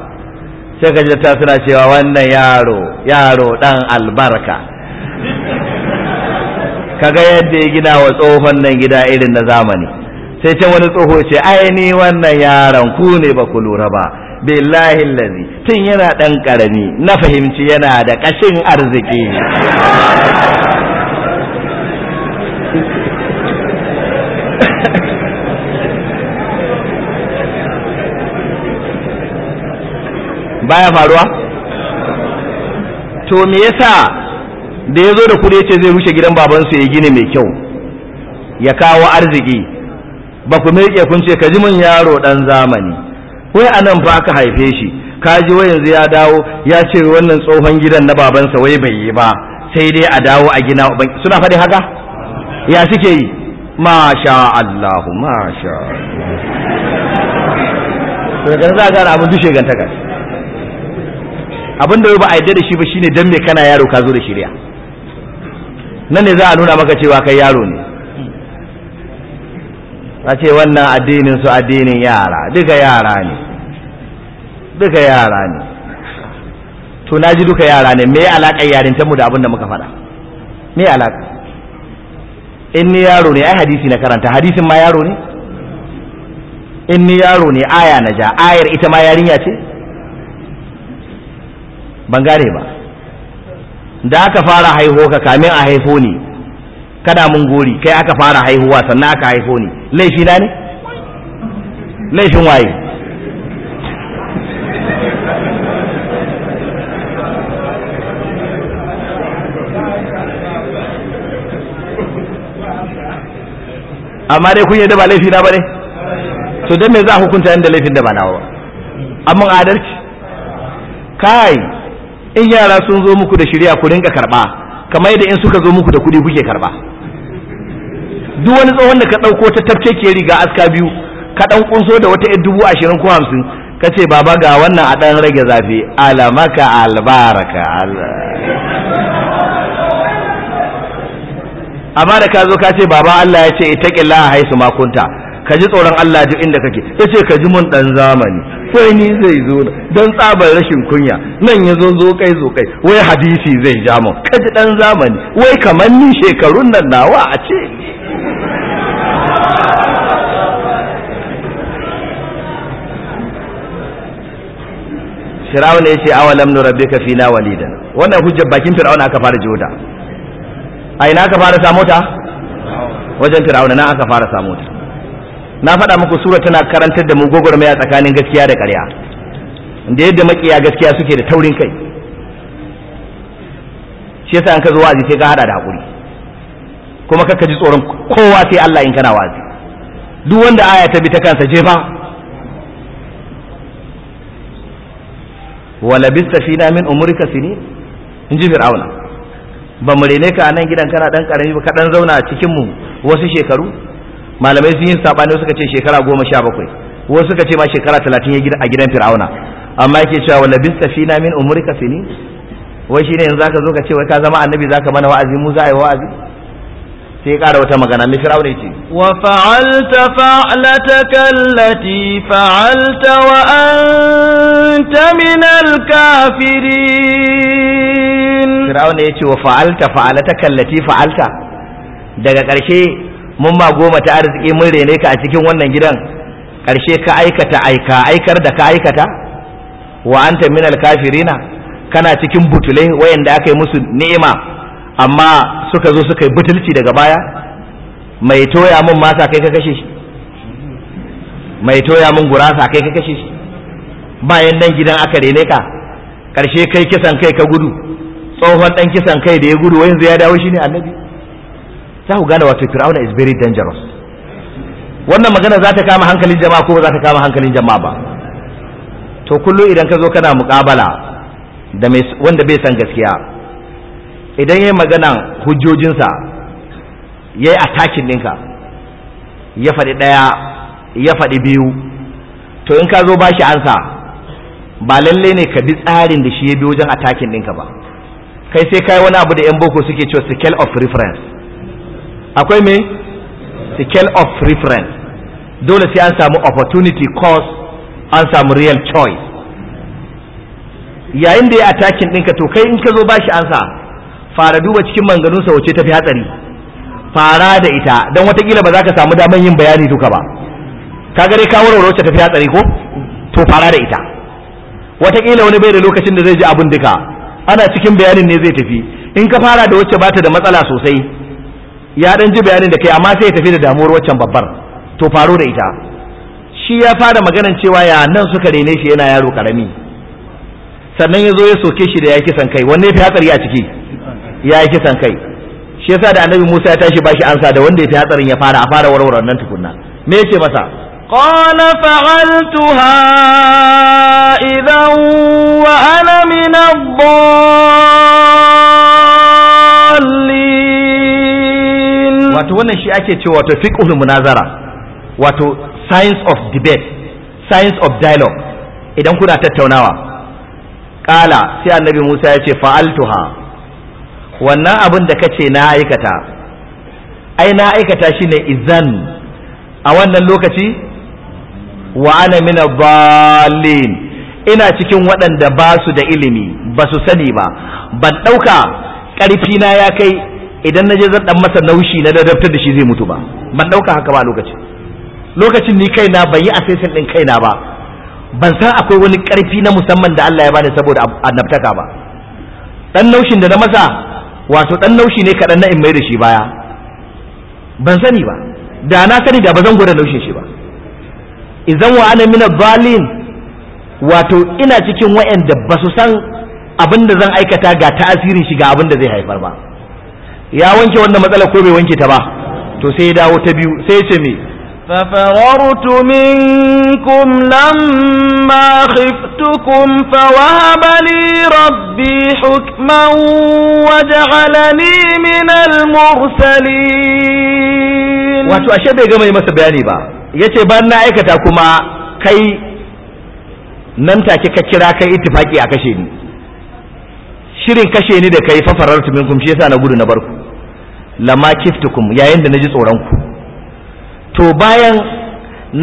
sai ka ta suna cewa wannan yaro yaro dan albarka kaga yadda ya gina wa tsohon nan gida irin na zamani sai can wani tsoho ce ni wannan yaron ku ne ba ku lura ba billahi lazi tun yana dan karami na fahimci yana da kashin arziki baya faruwa to me yasa da ya zo da kudi yace zai rushe gidan babansu ya gini mai kyau ya kawo arziki ba ku mirke kun ce ka ji mun yaro dan zamani wai anan fa aka haife shi ka ji wai yanzu ya dawo ya ce wannan tsohon gidan na babansa wai bai yi ba sai dai a dawo a gina suna faɗi haka ya suke yi masha Allah masha Allah to ga za ga abin dushe gantaka abin da ba a yadda da shi ba shine dan me kana yaro ka zo da shirya nan ne za a nuna maka cewa kai yaro ne a ce wannan addinin su addinin yara duka yara ne duka yara ne to na ji duka yara ne me alaƙar yarin tamu da abin da muka faɗa me alaƙa in ni yaro ne ai hadisi na karanta hadisin ma yaro ne in ni yaro ne aya na ja ayar ita ma yarinya ce ban gane ba da aka fara haihuwa ka kamin a haifo ni kada mun gori kai aka fara haihuwa sannan aka haifo ni laifi na ne laifin waye amma dai kun yadda ba laifi na bane to dan me za hukunta inda laifin da ba nawa ba amma adalci kai in yara sun zo muku da shirya ku dinga karba kamar yadda in suka zo muku da kuɗi kuke karba duk wani tsohon da ka ɗauko ta tafke ke riga aska biyu ka ɗan kunso da wata yan dubu ashirin ko hamsin ka ce baba ga wannan a ɗan rage zafi alamaka albaraka amma da ka zo ka ce baba Allah ya ce ita a haisu makunta ka ji tsoron Allah duk inda kake ce ka ji mun ɗan zamani sai ni zai zo don tsabar rashin kunya nan ya zo zo kai zo kai wai hadisi zai ja mu kaji dan zamani wai kamar ni shekarun nan nawa a ce Firawun ya ce awalam nu rabbika fina walida wannan hujjar bakin Firawun aka fara jota a ina aka fara samota wajen Firawun na aka fara samota na faɗa muku sura tana karantar da mu gwagwarmaya tsakanin gaskiya da ƙarya da yadda makiya gaskiya suke da taurin kai shi yasa an ka zo wazi sai ka hada da hakuri kuma ka ji tsoron kowa sai Allah in kana wazi duk wanda aya ta bi ta kansa jefa wala bista fina min umurika sini in ji fir'auna ba mu rene ka a nan gidan kana dan karami ba ka dan zauna a cikin mu wasu shekaru malamai sun yi sabani suka ce shekara goma sha bakwai wasu suka ce ma shekara talatin ya a gidan fir'auna amma yake cewa wala bista na min ka sini wai shine yanzu zaka zo ka ce wai ka zama annabi zaka mana wa'azi mu za a yi wa'azi sai ya kara wata magana ni fir'auna ce wa fa'alta fa'lataka allati fa'alta wa anta min al-kafirin fir'auna yace wa fa'alta fa'lataka allati fa'alta daga ƙarshe mun ma goma ta arziki mun rene ka a cikin wannan gidan ƙarshe ka aikata aika aikar da ka aikata wa anta minal kafirina kana cikin butule wayanda aka yi musu ni'ima amma suka zo suka yi butulci daga baya mai toya mun masa kai ka kashe shi mai toya mun gurasa kai ka kashe shi bayan nan gidan aka rene ka ƙarshe kai kisan kai ka gudu tsohon ɗan kisan kai da ya gudu yanzu ya dawo shi ne annabi za ku gane wato fir'auna is very dangerous wannan magana za ta kama hankalin jama'a ko ba za ta kama hankalin jama'a ba to kullum idan ka zo kana muƙabala da wanda bai san gaskiya idan yayi maganan hujjojinsa yayi attacking ɗinka ya faɗi ɗaya ya faɗi biyu to in ka zo ba shi ansa ba lalle ne ka bi tsarin da shi ya bi wajen attacking ɗinka ba kai sai kai wani abu da 'yan boko suke cewa scale of reference akwai me scale of reference dole sai an samu opportunity cost an samu real choice yayin da ya attacking ɗinka to kai in ka zo bashi ansa fara duba cikin manganunsa wace tafi hatsari fara da ita don watakila ba za ka samu daman yin bayani duka ba ka gare ka warware wacce tafi hatsari ko to fara da ita watakila wani bai da lokacin da zai ji abun duka ana cikin bayanin ne zai tafi in ka fara da wacce bata da matsala sosai ya dan ji bayanin da kai amma sai ya tafi da damuwar waccan babbar to faro da ita shi ya fara maganan cewa ya nan suka rene shi yana yaro karami sannan ya zo ya soke shi da ya kisan kai wanne ya fi hatsari a ciki ya yi kisan kai shi yasa da annabi Musa ya tashi bashi ansa da wanda ya fi hatsarin ya fara a fara warware nan tukunna me yake masa قال فعلتها إذا وأنا من الضالين wato wannan shi ake cewa wato fiqhul munazara wato science of debate science of dialogue idan kuna tattaunawa kala sai annabi Musa ya ce fa'altuha wannan abin da kace na aikata ai na aikata shine izan a wannan lokaci wa ana min dhalin ina cikin waɗanda ba su da ilimi ba su sani ba ban ɗauka ƙarfi na ya kai idan na je zan dan masa naushi na dadabtar da shi zai mutu ba ban dauka haka ba lokacin lokacin ni kaina ban yi assessment din kaina ba ban san akwai wani karfi na musamman da Allah ya bani saboda annabtaka ba dan naushin da na masa wato dan naushi ne kadan na in mai da shi baya ban sani ba da na sani da ba zan gwada naushin shi ba idan wa ana min zalin wato ina cikin wayanda ba su san abin da zan aikata ga ta'asirin shi ga abin da zai haifar ba ya wanke wannan matsala ko bai wanke ta ba to sai ya dawo ta biyu sai ya ce me ففررت منكم لما خفتكم فوهب لي ربي حكما وجعلني من المرسلين wato ashe bai gama yi masa bayani ba yace ba na aikata kuma kai nan take ka kira kai ittifaki a kashe ni shirin kashe ni da kai fafarartu minkum shi yasa na gudu na barku lama kiftukum yayin da naji tsoron ku to bayan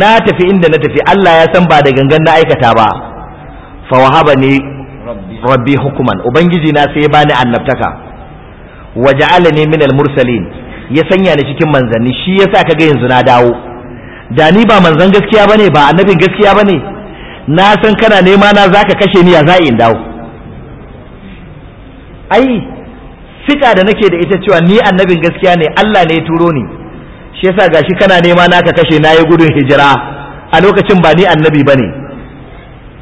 na tafi inda na tafi Allah ya san ba da gangan na aikata ba fa wahaba ni rabbi hukuman ubangiji na sai ya bani annabtaka wa min minal mursalin ya sanya ni cikin manzanni shi yasa kaga yanzu na dawo da ni ba manzan gaskiya bane ba annabin gaskiya bane na san kana nema na zaka kashe ni ya za'i in dawo ai fika da nake da ita cewa ni annabin gaskiya ne Allah ne ya turo ni shi yasa gashi kana nema naka kashe nayi gudun hijira a lokacin ba ni annabi bane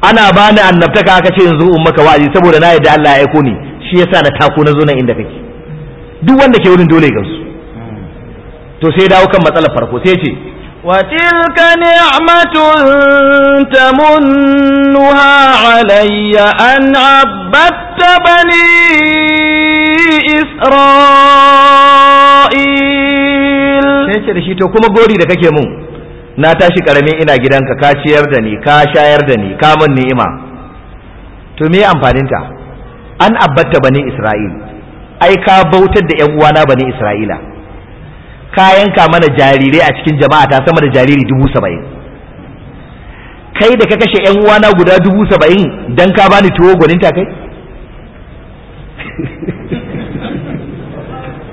ana bani annabtaka aka ce yanzu ummaka wa'azi saboda na yadda Allah ya aiko ni shi yasa na taku na zo nan inda kake duk wanda ke wurin dole gansu to sai dawo kan matsalar farko sai ce وتلك نعمة تمنها علي أن عبدت بني Isra'il sai da shi to kuma gori da kake mun na tashi karami ina gidanka ka ciyar da ni ka shayar da ni ka mun ni'ima to me amfaninta an abatta bani Isra'il ai ka bautar da ƴan uwana bani Isra'ila ka yanka mana jarirai a cikin jama'a ta sama da jariri dubu saba'in kai da ka kashe yan uwana guda dubu saba'in don ka bani tuwo gwaninta kai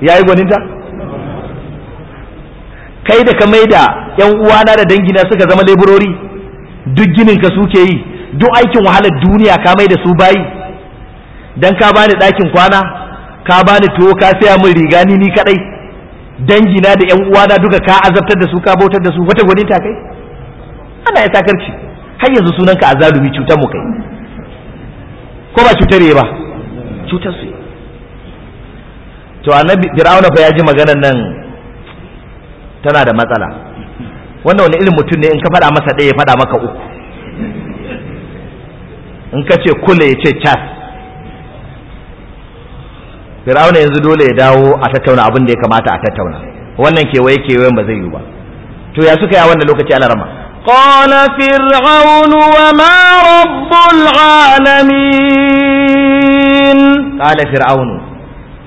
ya yi gwaninta kai da ka maida yan uwana da dangina suka zama laborori duk ginin ka suke yi duk aikin wahalar duniya ka maida su bayi dan ka bani ɗakin kwana ka bani tuwo ka saya min riga ni ni kadai dangina da yan uwana duka ka azabtar da su ka bautar da su wata gwaninta kai ana ya sakarci har yanzu sunan ka azalumi cutar mu kai ko ba cutare ba cutar su to annabi fir'auna fa ya ji maganar nan tana da matsala wannan wani irin mutum ne in ka faɗa masa ɗaya ya faɗa maka uku in ka ce kula ya ce cas fir'auna yanzu dole ya dawo a tattauna abin da ya kamata a tattauna wannan kewaye kewayen ba zai yi ba to ya suka yi wannan lokaci alarama قال فرعون وما رب العالمين قال فرعون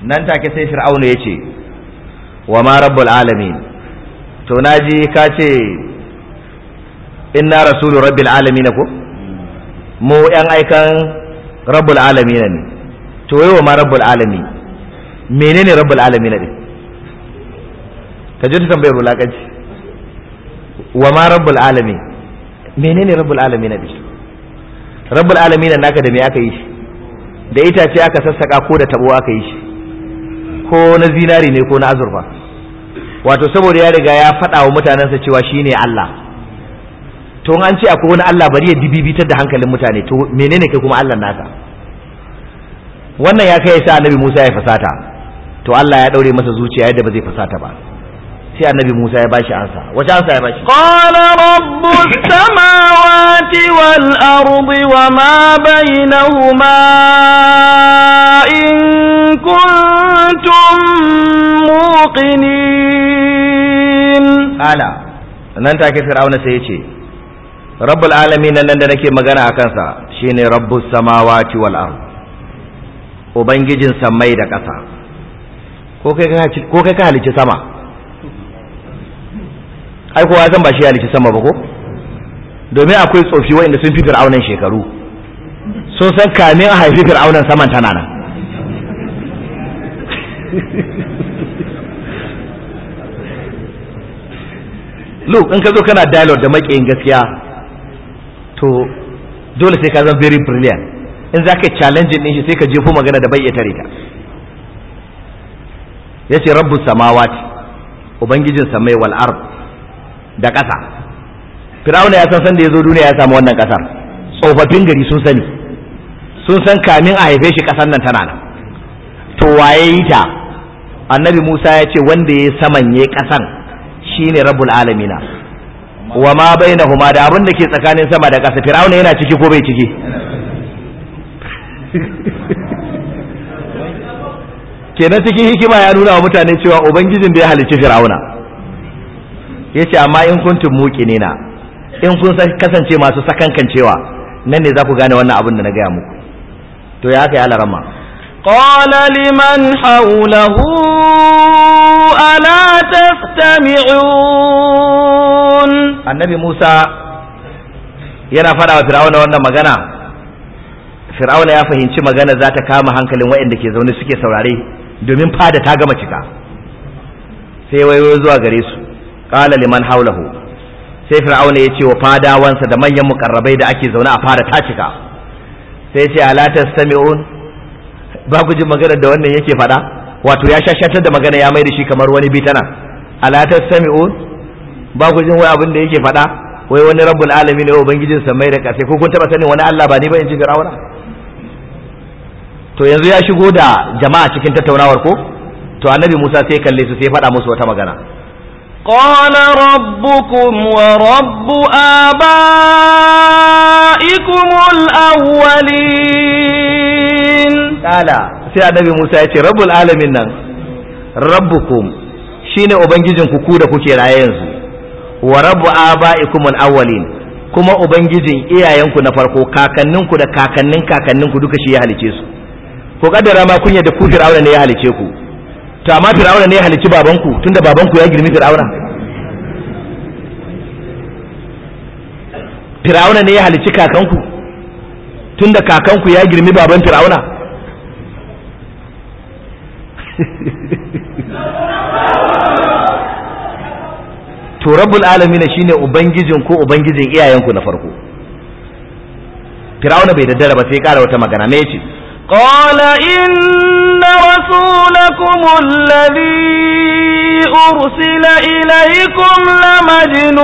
nan take sai fir'auna ya ce wa ma rabbul alamin to naji ka ce inna rasulu rabbil alamin ko mu yan aikan rabbul alamin ne to wa ma rabbul alamin menene rabbul alamin ne ka ji tambayar bulakanci wa ma rabbul alamin menene rabbul alamin ne rabbul alamin naka da me aka yi shi da itace aka sassaka ko da tabo aka yi shi ko na zinari ne ko na azurfa wato saboda ya riga ya faɗa wa mutanensa cewa shine Allah to an ce akwai wani Allah bari ya dibibitar da hankalin mutane to menene kai kuma Allah naka wannan ya kai sa annabi Musa ya fasata to Allah ya daure masa zuciya yadda ba zai fasata ba sai annabi Musa ya bashi ansa wace ansa ya bashi qala rabbus samawati wal ardi wa ma bainahuma in kuntum muqinin ala nan take fir'auna sai yace rabbul alamin nan da nake magana a kansa shine rabbus samawati wal ardi ubangijin samai da ƙasa ko kai ka halicci sama ai kowa zan ba shi ya halitta sama ba ko domin akwai tsofi wa'inda sun fi fir'aunan shekaru sun san kamin a haifi fir'aunan saman tana nan lu in ka zo kana dialogue da makiyin gaskiya to dole sai ka zama very brilliant in za ka challenge din shi sai ka je jefo magana da bai iya tare ta ya ce rabbus samawati ubangijin samai wal ard da ƙasa fir'auna ya san san da ya zo duniya ya samu wannan ƙasar tsofaffin gari sun sani sun san kamin a haife shi ƙasar nan tana nan to waye yi ta annabi musa ya ce wanda ya samanye ƙasan shine rabul alamina wa ma bai na huma da abin da ke tsakanin sama da ƙasa fir'auna yana ciki ko bai ciki kenan cikin hikima ya nuna wa mutane cewa ubangijin da ya halicci fir'auna ya ce amma in kuntum muqinina in kun kasance masu sakankancewa nan ne za ku gane wannan abin da na gaya muku to ya kai alarama qala liman hawlahu ala tastami'un annabi Musa yana fada wa fir'auna wannan magana fir'auna ya fahimci magana za ta kama hankalin waɗanda ke zaune suke saurare domin fada ta gama cika sai wayo zuwa gare su qala liman haulahu sai fir'auna ya ce wa fadawansa da manyan mukarrabai da ake zaune a fara cika sai ce ala tastami'un ba ku ji magana da wannan yake faɗa wato ya shashatar da magana ya mai da shi kamar wani bitana ala tastami'un ba ku ji wai abin da yake faɗa wai wani rabbul alamin ne ubangijin mai da kasai ko kun taba sanin wani Allah ba ni ba in ji fir'auna to yanzu ya shigo da jama'a cikin tattaunawar ko to annabi Musa sai kalle su sai faɗa musu wata magana قال ربكم ورب آبائكم الأولين تعالى sai annabi Musa ya ce rabbul alamin nan rabbukum shine ubangijin ku da kuke raye yanzu wa rabbu abaikum alawwalin kuma ubangijin iyayenku na farko kakanninku da kakannin kakanninku duka shi ya halice su ko kaddara kunya da ku fir'auna ne ya halice ku to amma fir'auna ne ya halici babanku tunda babanku ya girmi fir'auna fir'auna ne ya halici kakanku tunda kakanku ya girmi baban fir'auna to rabbul alamin shine ubangijin ko ubangijin iyayenku na farko fir'auna bai daddara ba sai ya kara wata magana me yace قال إن رسولكم الذي أرسل إليكم لمجنون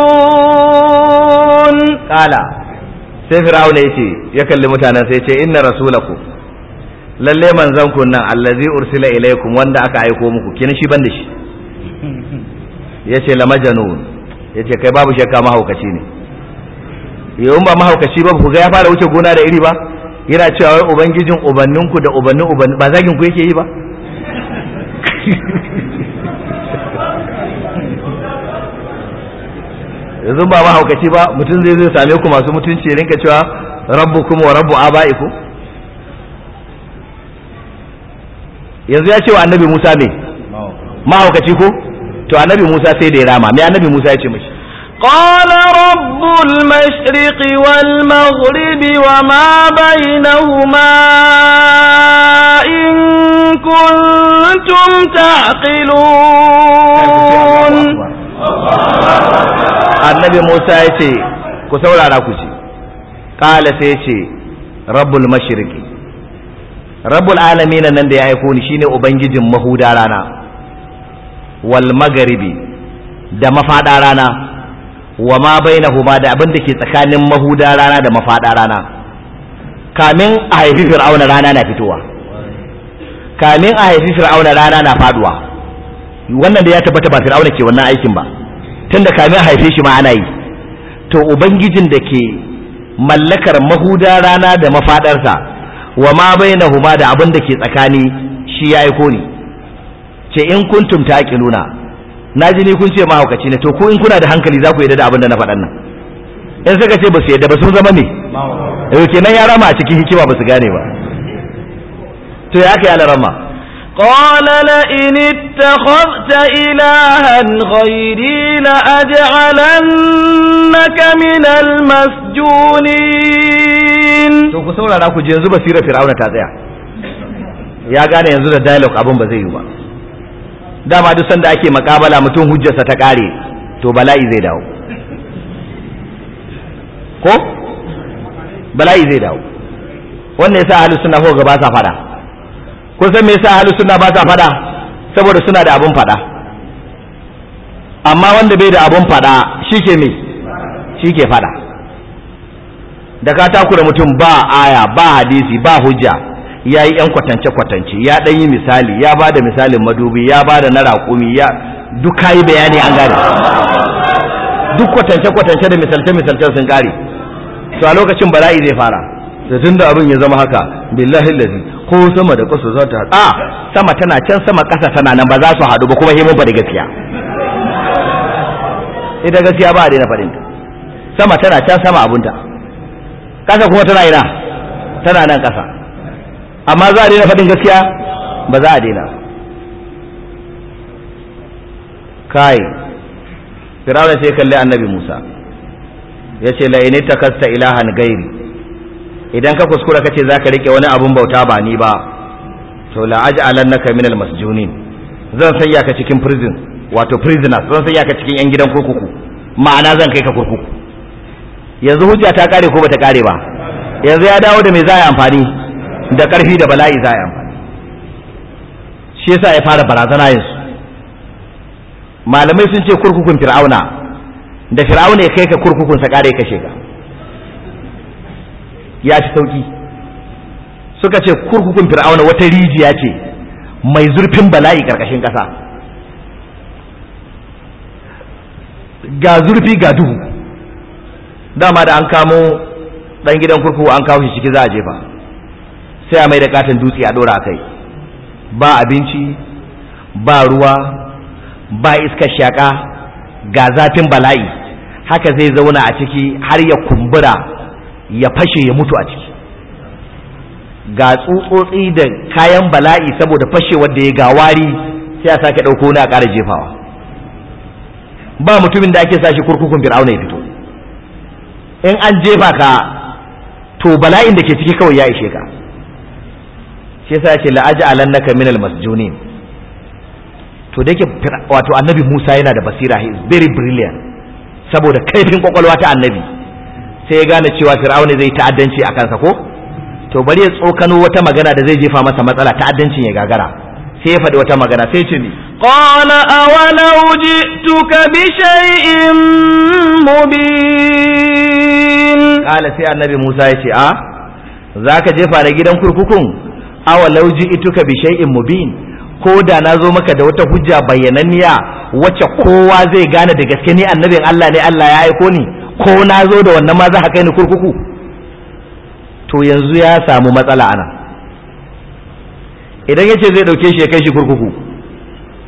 قال sai fir'auna yace ya kalli mutanen sai yace inna rasulakum lalle manzon ku nan allazi ursila ilaikum wanda aka aiko muku kin shi ban da shi yace la majnun yace kai babu shakka mahaukaci ne yau ba mahaukaci ba ku ga ya fara wuce gona da iri ba yana cewa wai ubangijin ubanninku da ubannin ubannin ba zagin ku yake yi ba yanzu ba mahaukaci ba mutum zai zai same ku masu mutunci rinka cewa rabbu kuma wa rabbu ba'iku yanzu ya ce wa annabi musa me mahaukaci ko to annabi musa sai da ya rama me annabi musa ya ce mashi قال رب المشرق والمغرب وما بينهما إن كنتم تعقلون annabi Musa ya ce ku saurara ku ce kala sai ya ce rabbul mashirki rabbul alamina nan da ya aiko ni shine ubangijin mahuda rana wal magaribi da mafaɗa rana wa ma huma da abin da ke tsakanin mahuda rana da mafada rana kamin a haifi fir'auna rana na fitowa kamin a haifi fir'auna rana na faduwa wannan da ya tabbata ba fir'auna ke wannan aikin ba tunda kamin a haife shi ma ana yi to ubangijin da ke mallakar mahuda rana da mafadarsa wa ma huma da abin da ke tsakani shi ya ko ne ce in kuntum taqiluna na ji ni kun ce mahaukaci ne to ko in kuna da hankali za ku yarda da abin da na faɗan nan in suka ce ba su yadda ba sun zama ne yau nan ya rama a cikin hikima ba su gane ba to ya aka yi alarama قال لئن اتخذت إلها غيري na من Masjunin. to ku saurara ku je yanzu basira fir'auna ta tsaya ya gane yanzu da dialogue abin ba zai yi ba dama duk sanda ake makabala mutum hujjarsa ta kare to bala'i zai dawo ko bala'i zai dawo wannan yasa ahlus sunna ko ba sa fada kun san me yasa ahlus sunna ba sa fada saboda suna da abun fada amma wanda bai da abun fada shike me shike fada da ka takura mutum ba aya ba hadisi ba hujja ya yi 'yan kwatance-kwatance ya ɗan yi misali ya ba da misalin madubi ya ba da na raƙumi ya duk kayi yi bayani an gane duk kwatance-kwatance da misalce-misalce sun gare Su a lokacin bala'i zai fara da tun da abin ya zama haka billahi lazi ko sama da ƙasa za ta haɗu a ah, sama tana can sama ƙasa tana nan ba za su haɗu ba kuma himin ba eh, da gaskiya ita gaskiya ba a daina faɗinta sama tana can sama abunta ƙasa kuma tana ina tana nan ƙasa amma za a daina faɗin gaskiya ba za a daina kai ya ce kalli annabi musa ya ce la'ini ta kasta ilahan gairi idan ka kuskura ka ce za ka riƙe wani abun bauta ba ni ba to la'aji alannaka minal masjunin zan sanya ka cikin prison wato prisoners zan sanya ka cikin yan gidan kurkuku ma'ana zan kai ka kurkuku yanzu hujja ta kare ko bata kare ba yanzu ya dawo da me za a yi amfani da ƙarfi da bala'i za a yi amfani shi yasa ya fara barazana yanzu malamai sun ce kurkukun fir'auna da fir'auna ya kai ka kurkukun sa ƙara kashe ya ci sauki suka ce kurkukun fir'auna wata rijiya ce mai zurfin bala'i ƙarƙashin ƙasa ga zurfi ga duhu dama da an kamo ɗan gidan kurkuku an kawo shi ciki za a jefa sai a mai da katon dutse a dora kai ba abinci ba ruwa ba iskar shaka ga zafin bala'i haka zai zauna a ciki har ya kumbura ya fashe ya mutu a ciki ga tsutsotsi da kayan bala'i saboda fashe da ya ga wari sai a sake ɗauko na a ƙara jefawa ba mutumin da ake sashi kurkukun fir'auna ya fito in an jefa ka to bala'in da ke ciki kawai ya ishe ka shi yasa yace la'aj'alannaka minal masjunin to da yake wato annabi Musa yana da basira he is very brilliant saboda kaifin kwakwalwa ta annabi sai ya gane cewa fir'auna zai ta'addanci a kansa ko to bari ya tsokano wata magana da zai jefa masa matsala ta'addancin ya gagara sai ya faɗi wata magana sai ce ni qala awalau ji'tuka bi shay'in mubin qala sai annabi Musa ya ce a ah, zaka jefa da gidan kurkukun awa lauji ituka bi shay'in mubin ko da na zo maka da wata hujja bayyananniya wacce kowa zai gane da gaske ni annabin Allah ne Allah ya aiko ni ko na zo da wannan ma za ka kai ni kurkuku to yanzu ya samu matsala ana idan yace zai dauke shi ya kai shi kurkuku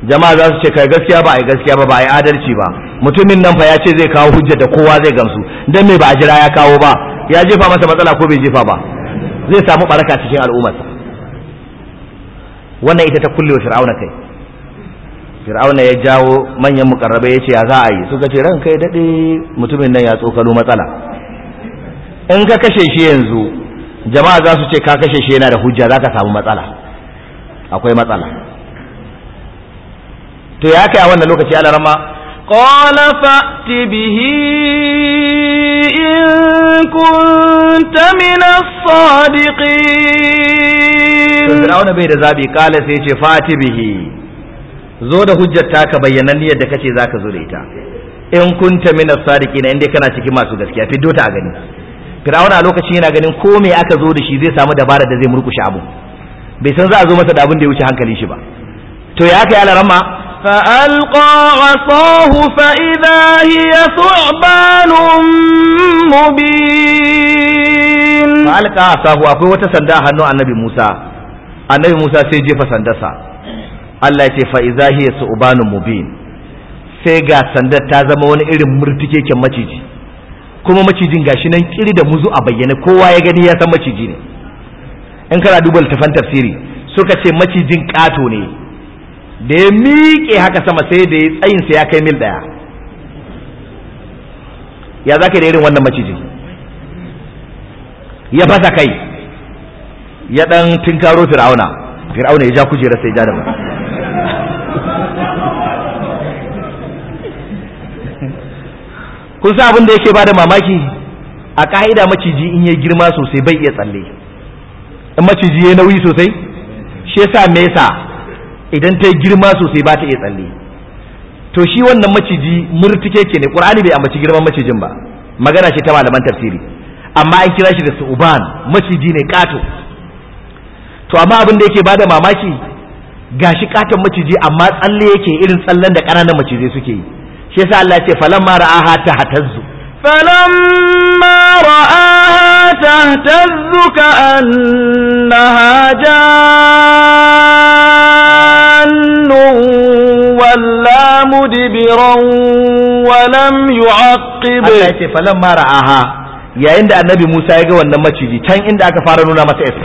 jama'a za su ce kai gaskiya ba a yi gaskiya ba ba a yi adalci ba mutumin nan fa ya ce zai kawo hujja da kowa zai gamsu dan me ba a jira ya kawo ba ya jefa masa matsala ko bai jefa ba zai samu baraka cikin al'ummarsa wannan ita ta kulle wa fir'auna kai fir'auna ya jawo manyan mukarrabai ya ce ya za a yi suka ce ran kai daɗe mutumin nan ya tsokalo matsala in ka kashe shi yanzu jama'a za su ce ka kashe shi yana da hujja za ka samu matsala akwai matsala to ya kai a wannan lokaci alarama قال فأت به إن كنت من الصادقين فرعون بيد زابي قال سيتي فأت به zo da hujjar taka bayyananniyar da kace zaka zo da ita in kunta min sadiqina inda kana cikin masu gaskiya fiddo a gani Fir'aun a lokacin yana ganin ko me aka zo da shi zai samu dabara da zai murkushe abu bai san za a zo masa da abin da ya wuce hankali shi ba to ya kai alarama فألقى عصاه فإذا هي ثعبان مبين فألقى عصاه أقول وتسندى هنو النبي موسى النبي موسى سيجي Allah الله يتي فإذا هي ثعبان مبين sai ga sandar ta zama wani irin murtikeken maciji kuma macijin gashi nan kiri da muzu a bayyane kowa ya gani ya san maciji ne in kana duba littafan tafsiri suka ce macijin ƙato ne da ya miƙe haka sama sai da ya tsayinsa ya kai mil ɗaya ya za ka da irin wannan maciji ya fasa kai ya ɗan tinkaro fir'auna fir'auna ya ja kujera sai ja da kun sa abin da yake ba da mamaki a ka'ida maciji in ya girma sosai bai iya tsalle in maciji ya nauyi sosai shi yasa mesa idan ta yi girma sosai ba ta iya tsalle to shi wannan maciji murtike ke ne qur'ani bai ambaci girman macijin ba magana ce ta malaman tafsiri amma an kira shi da su'uban maciji ne kato to amma abin da yake bada mamaki gashi katon maciji amma tsalle yake irin tsallen da ƙananan macizai suke yi shi yasa Allah ce falamma ra'aha tahtazzu falamma ra'aha tahtazzu annaha jaa ضل ولا مدبرا ولم يعقب الله يتي فلما رآها yayin da annabi Musa ya ga wannan maciji can inda aka fara nuna masa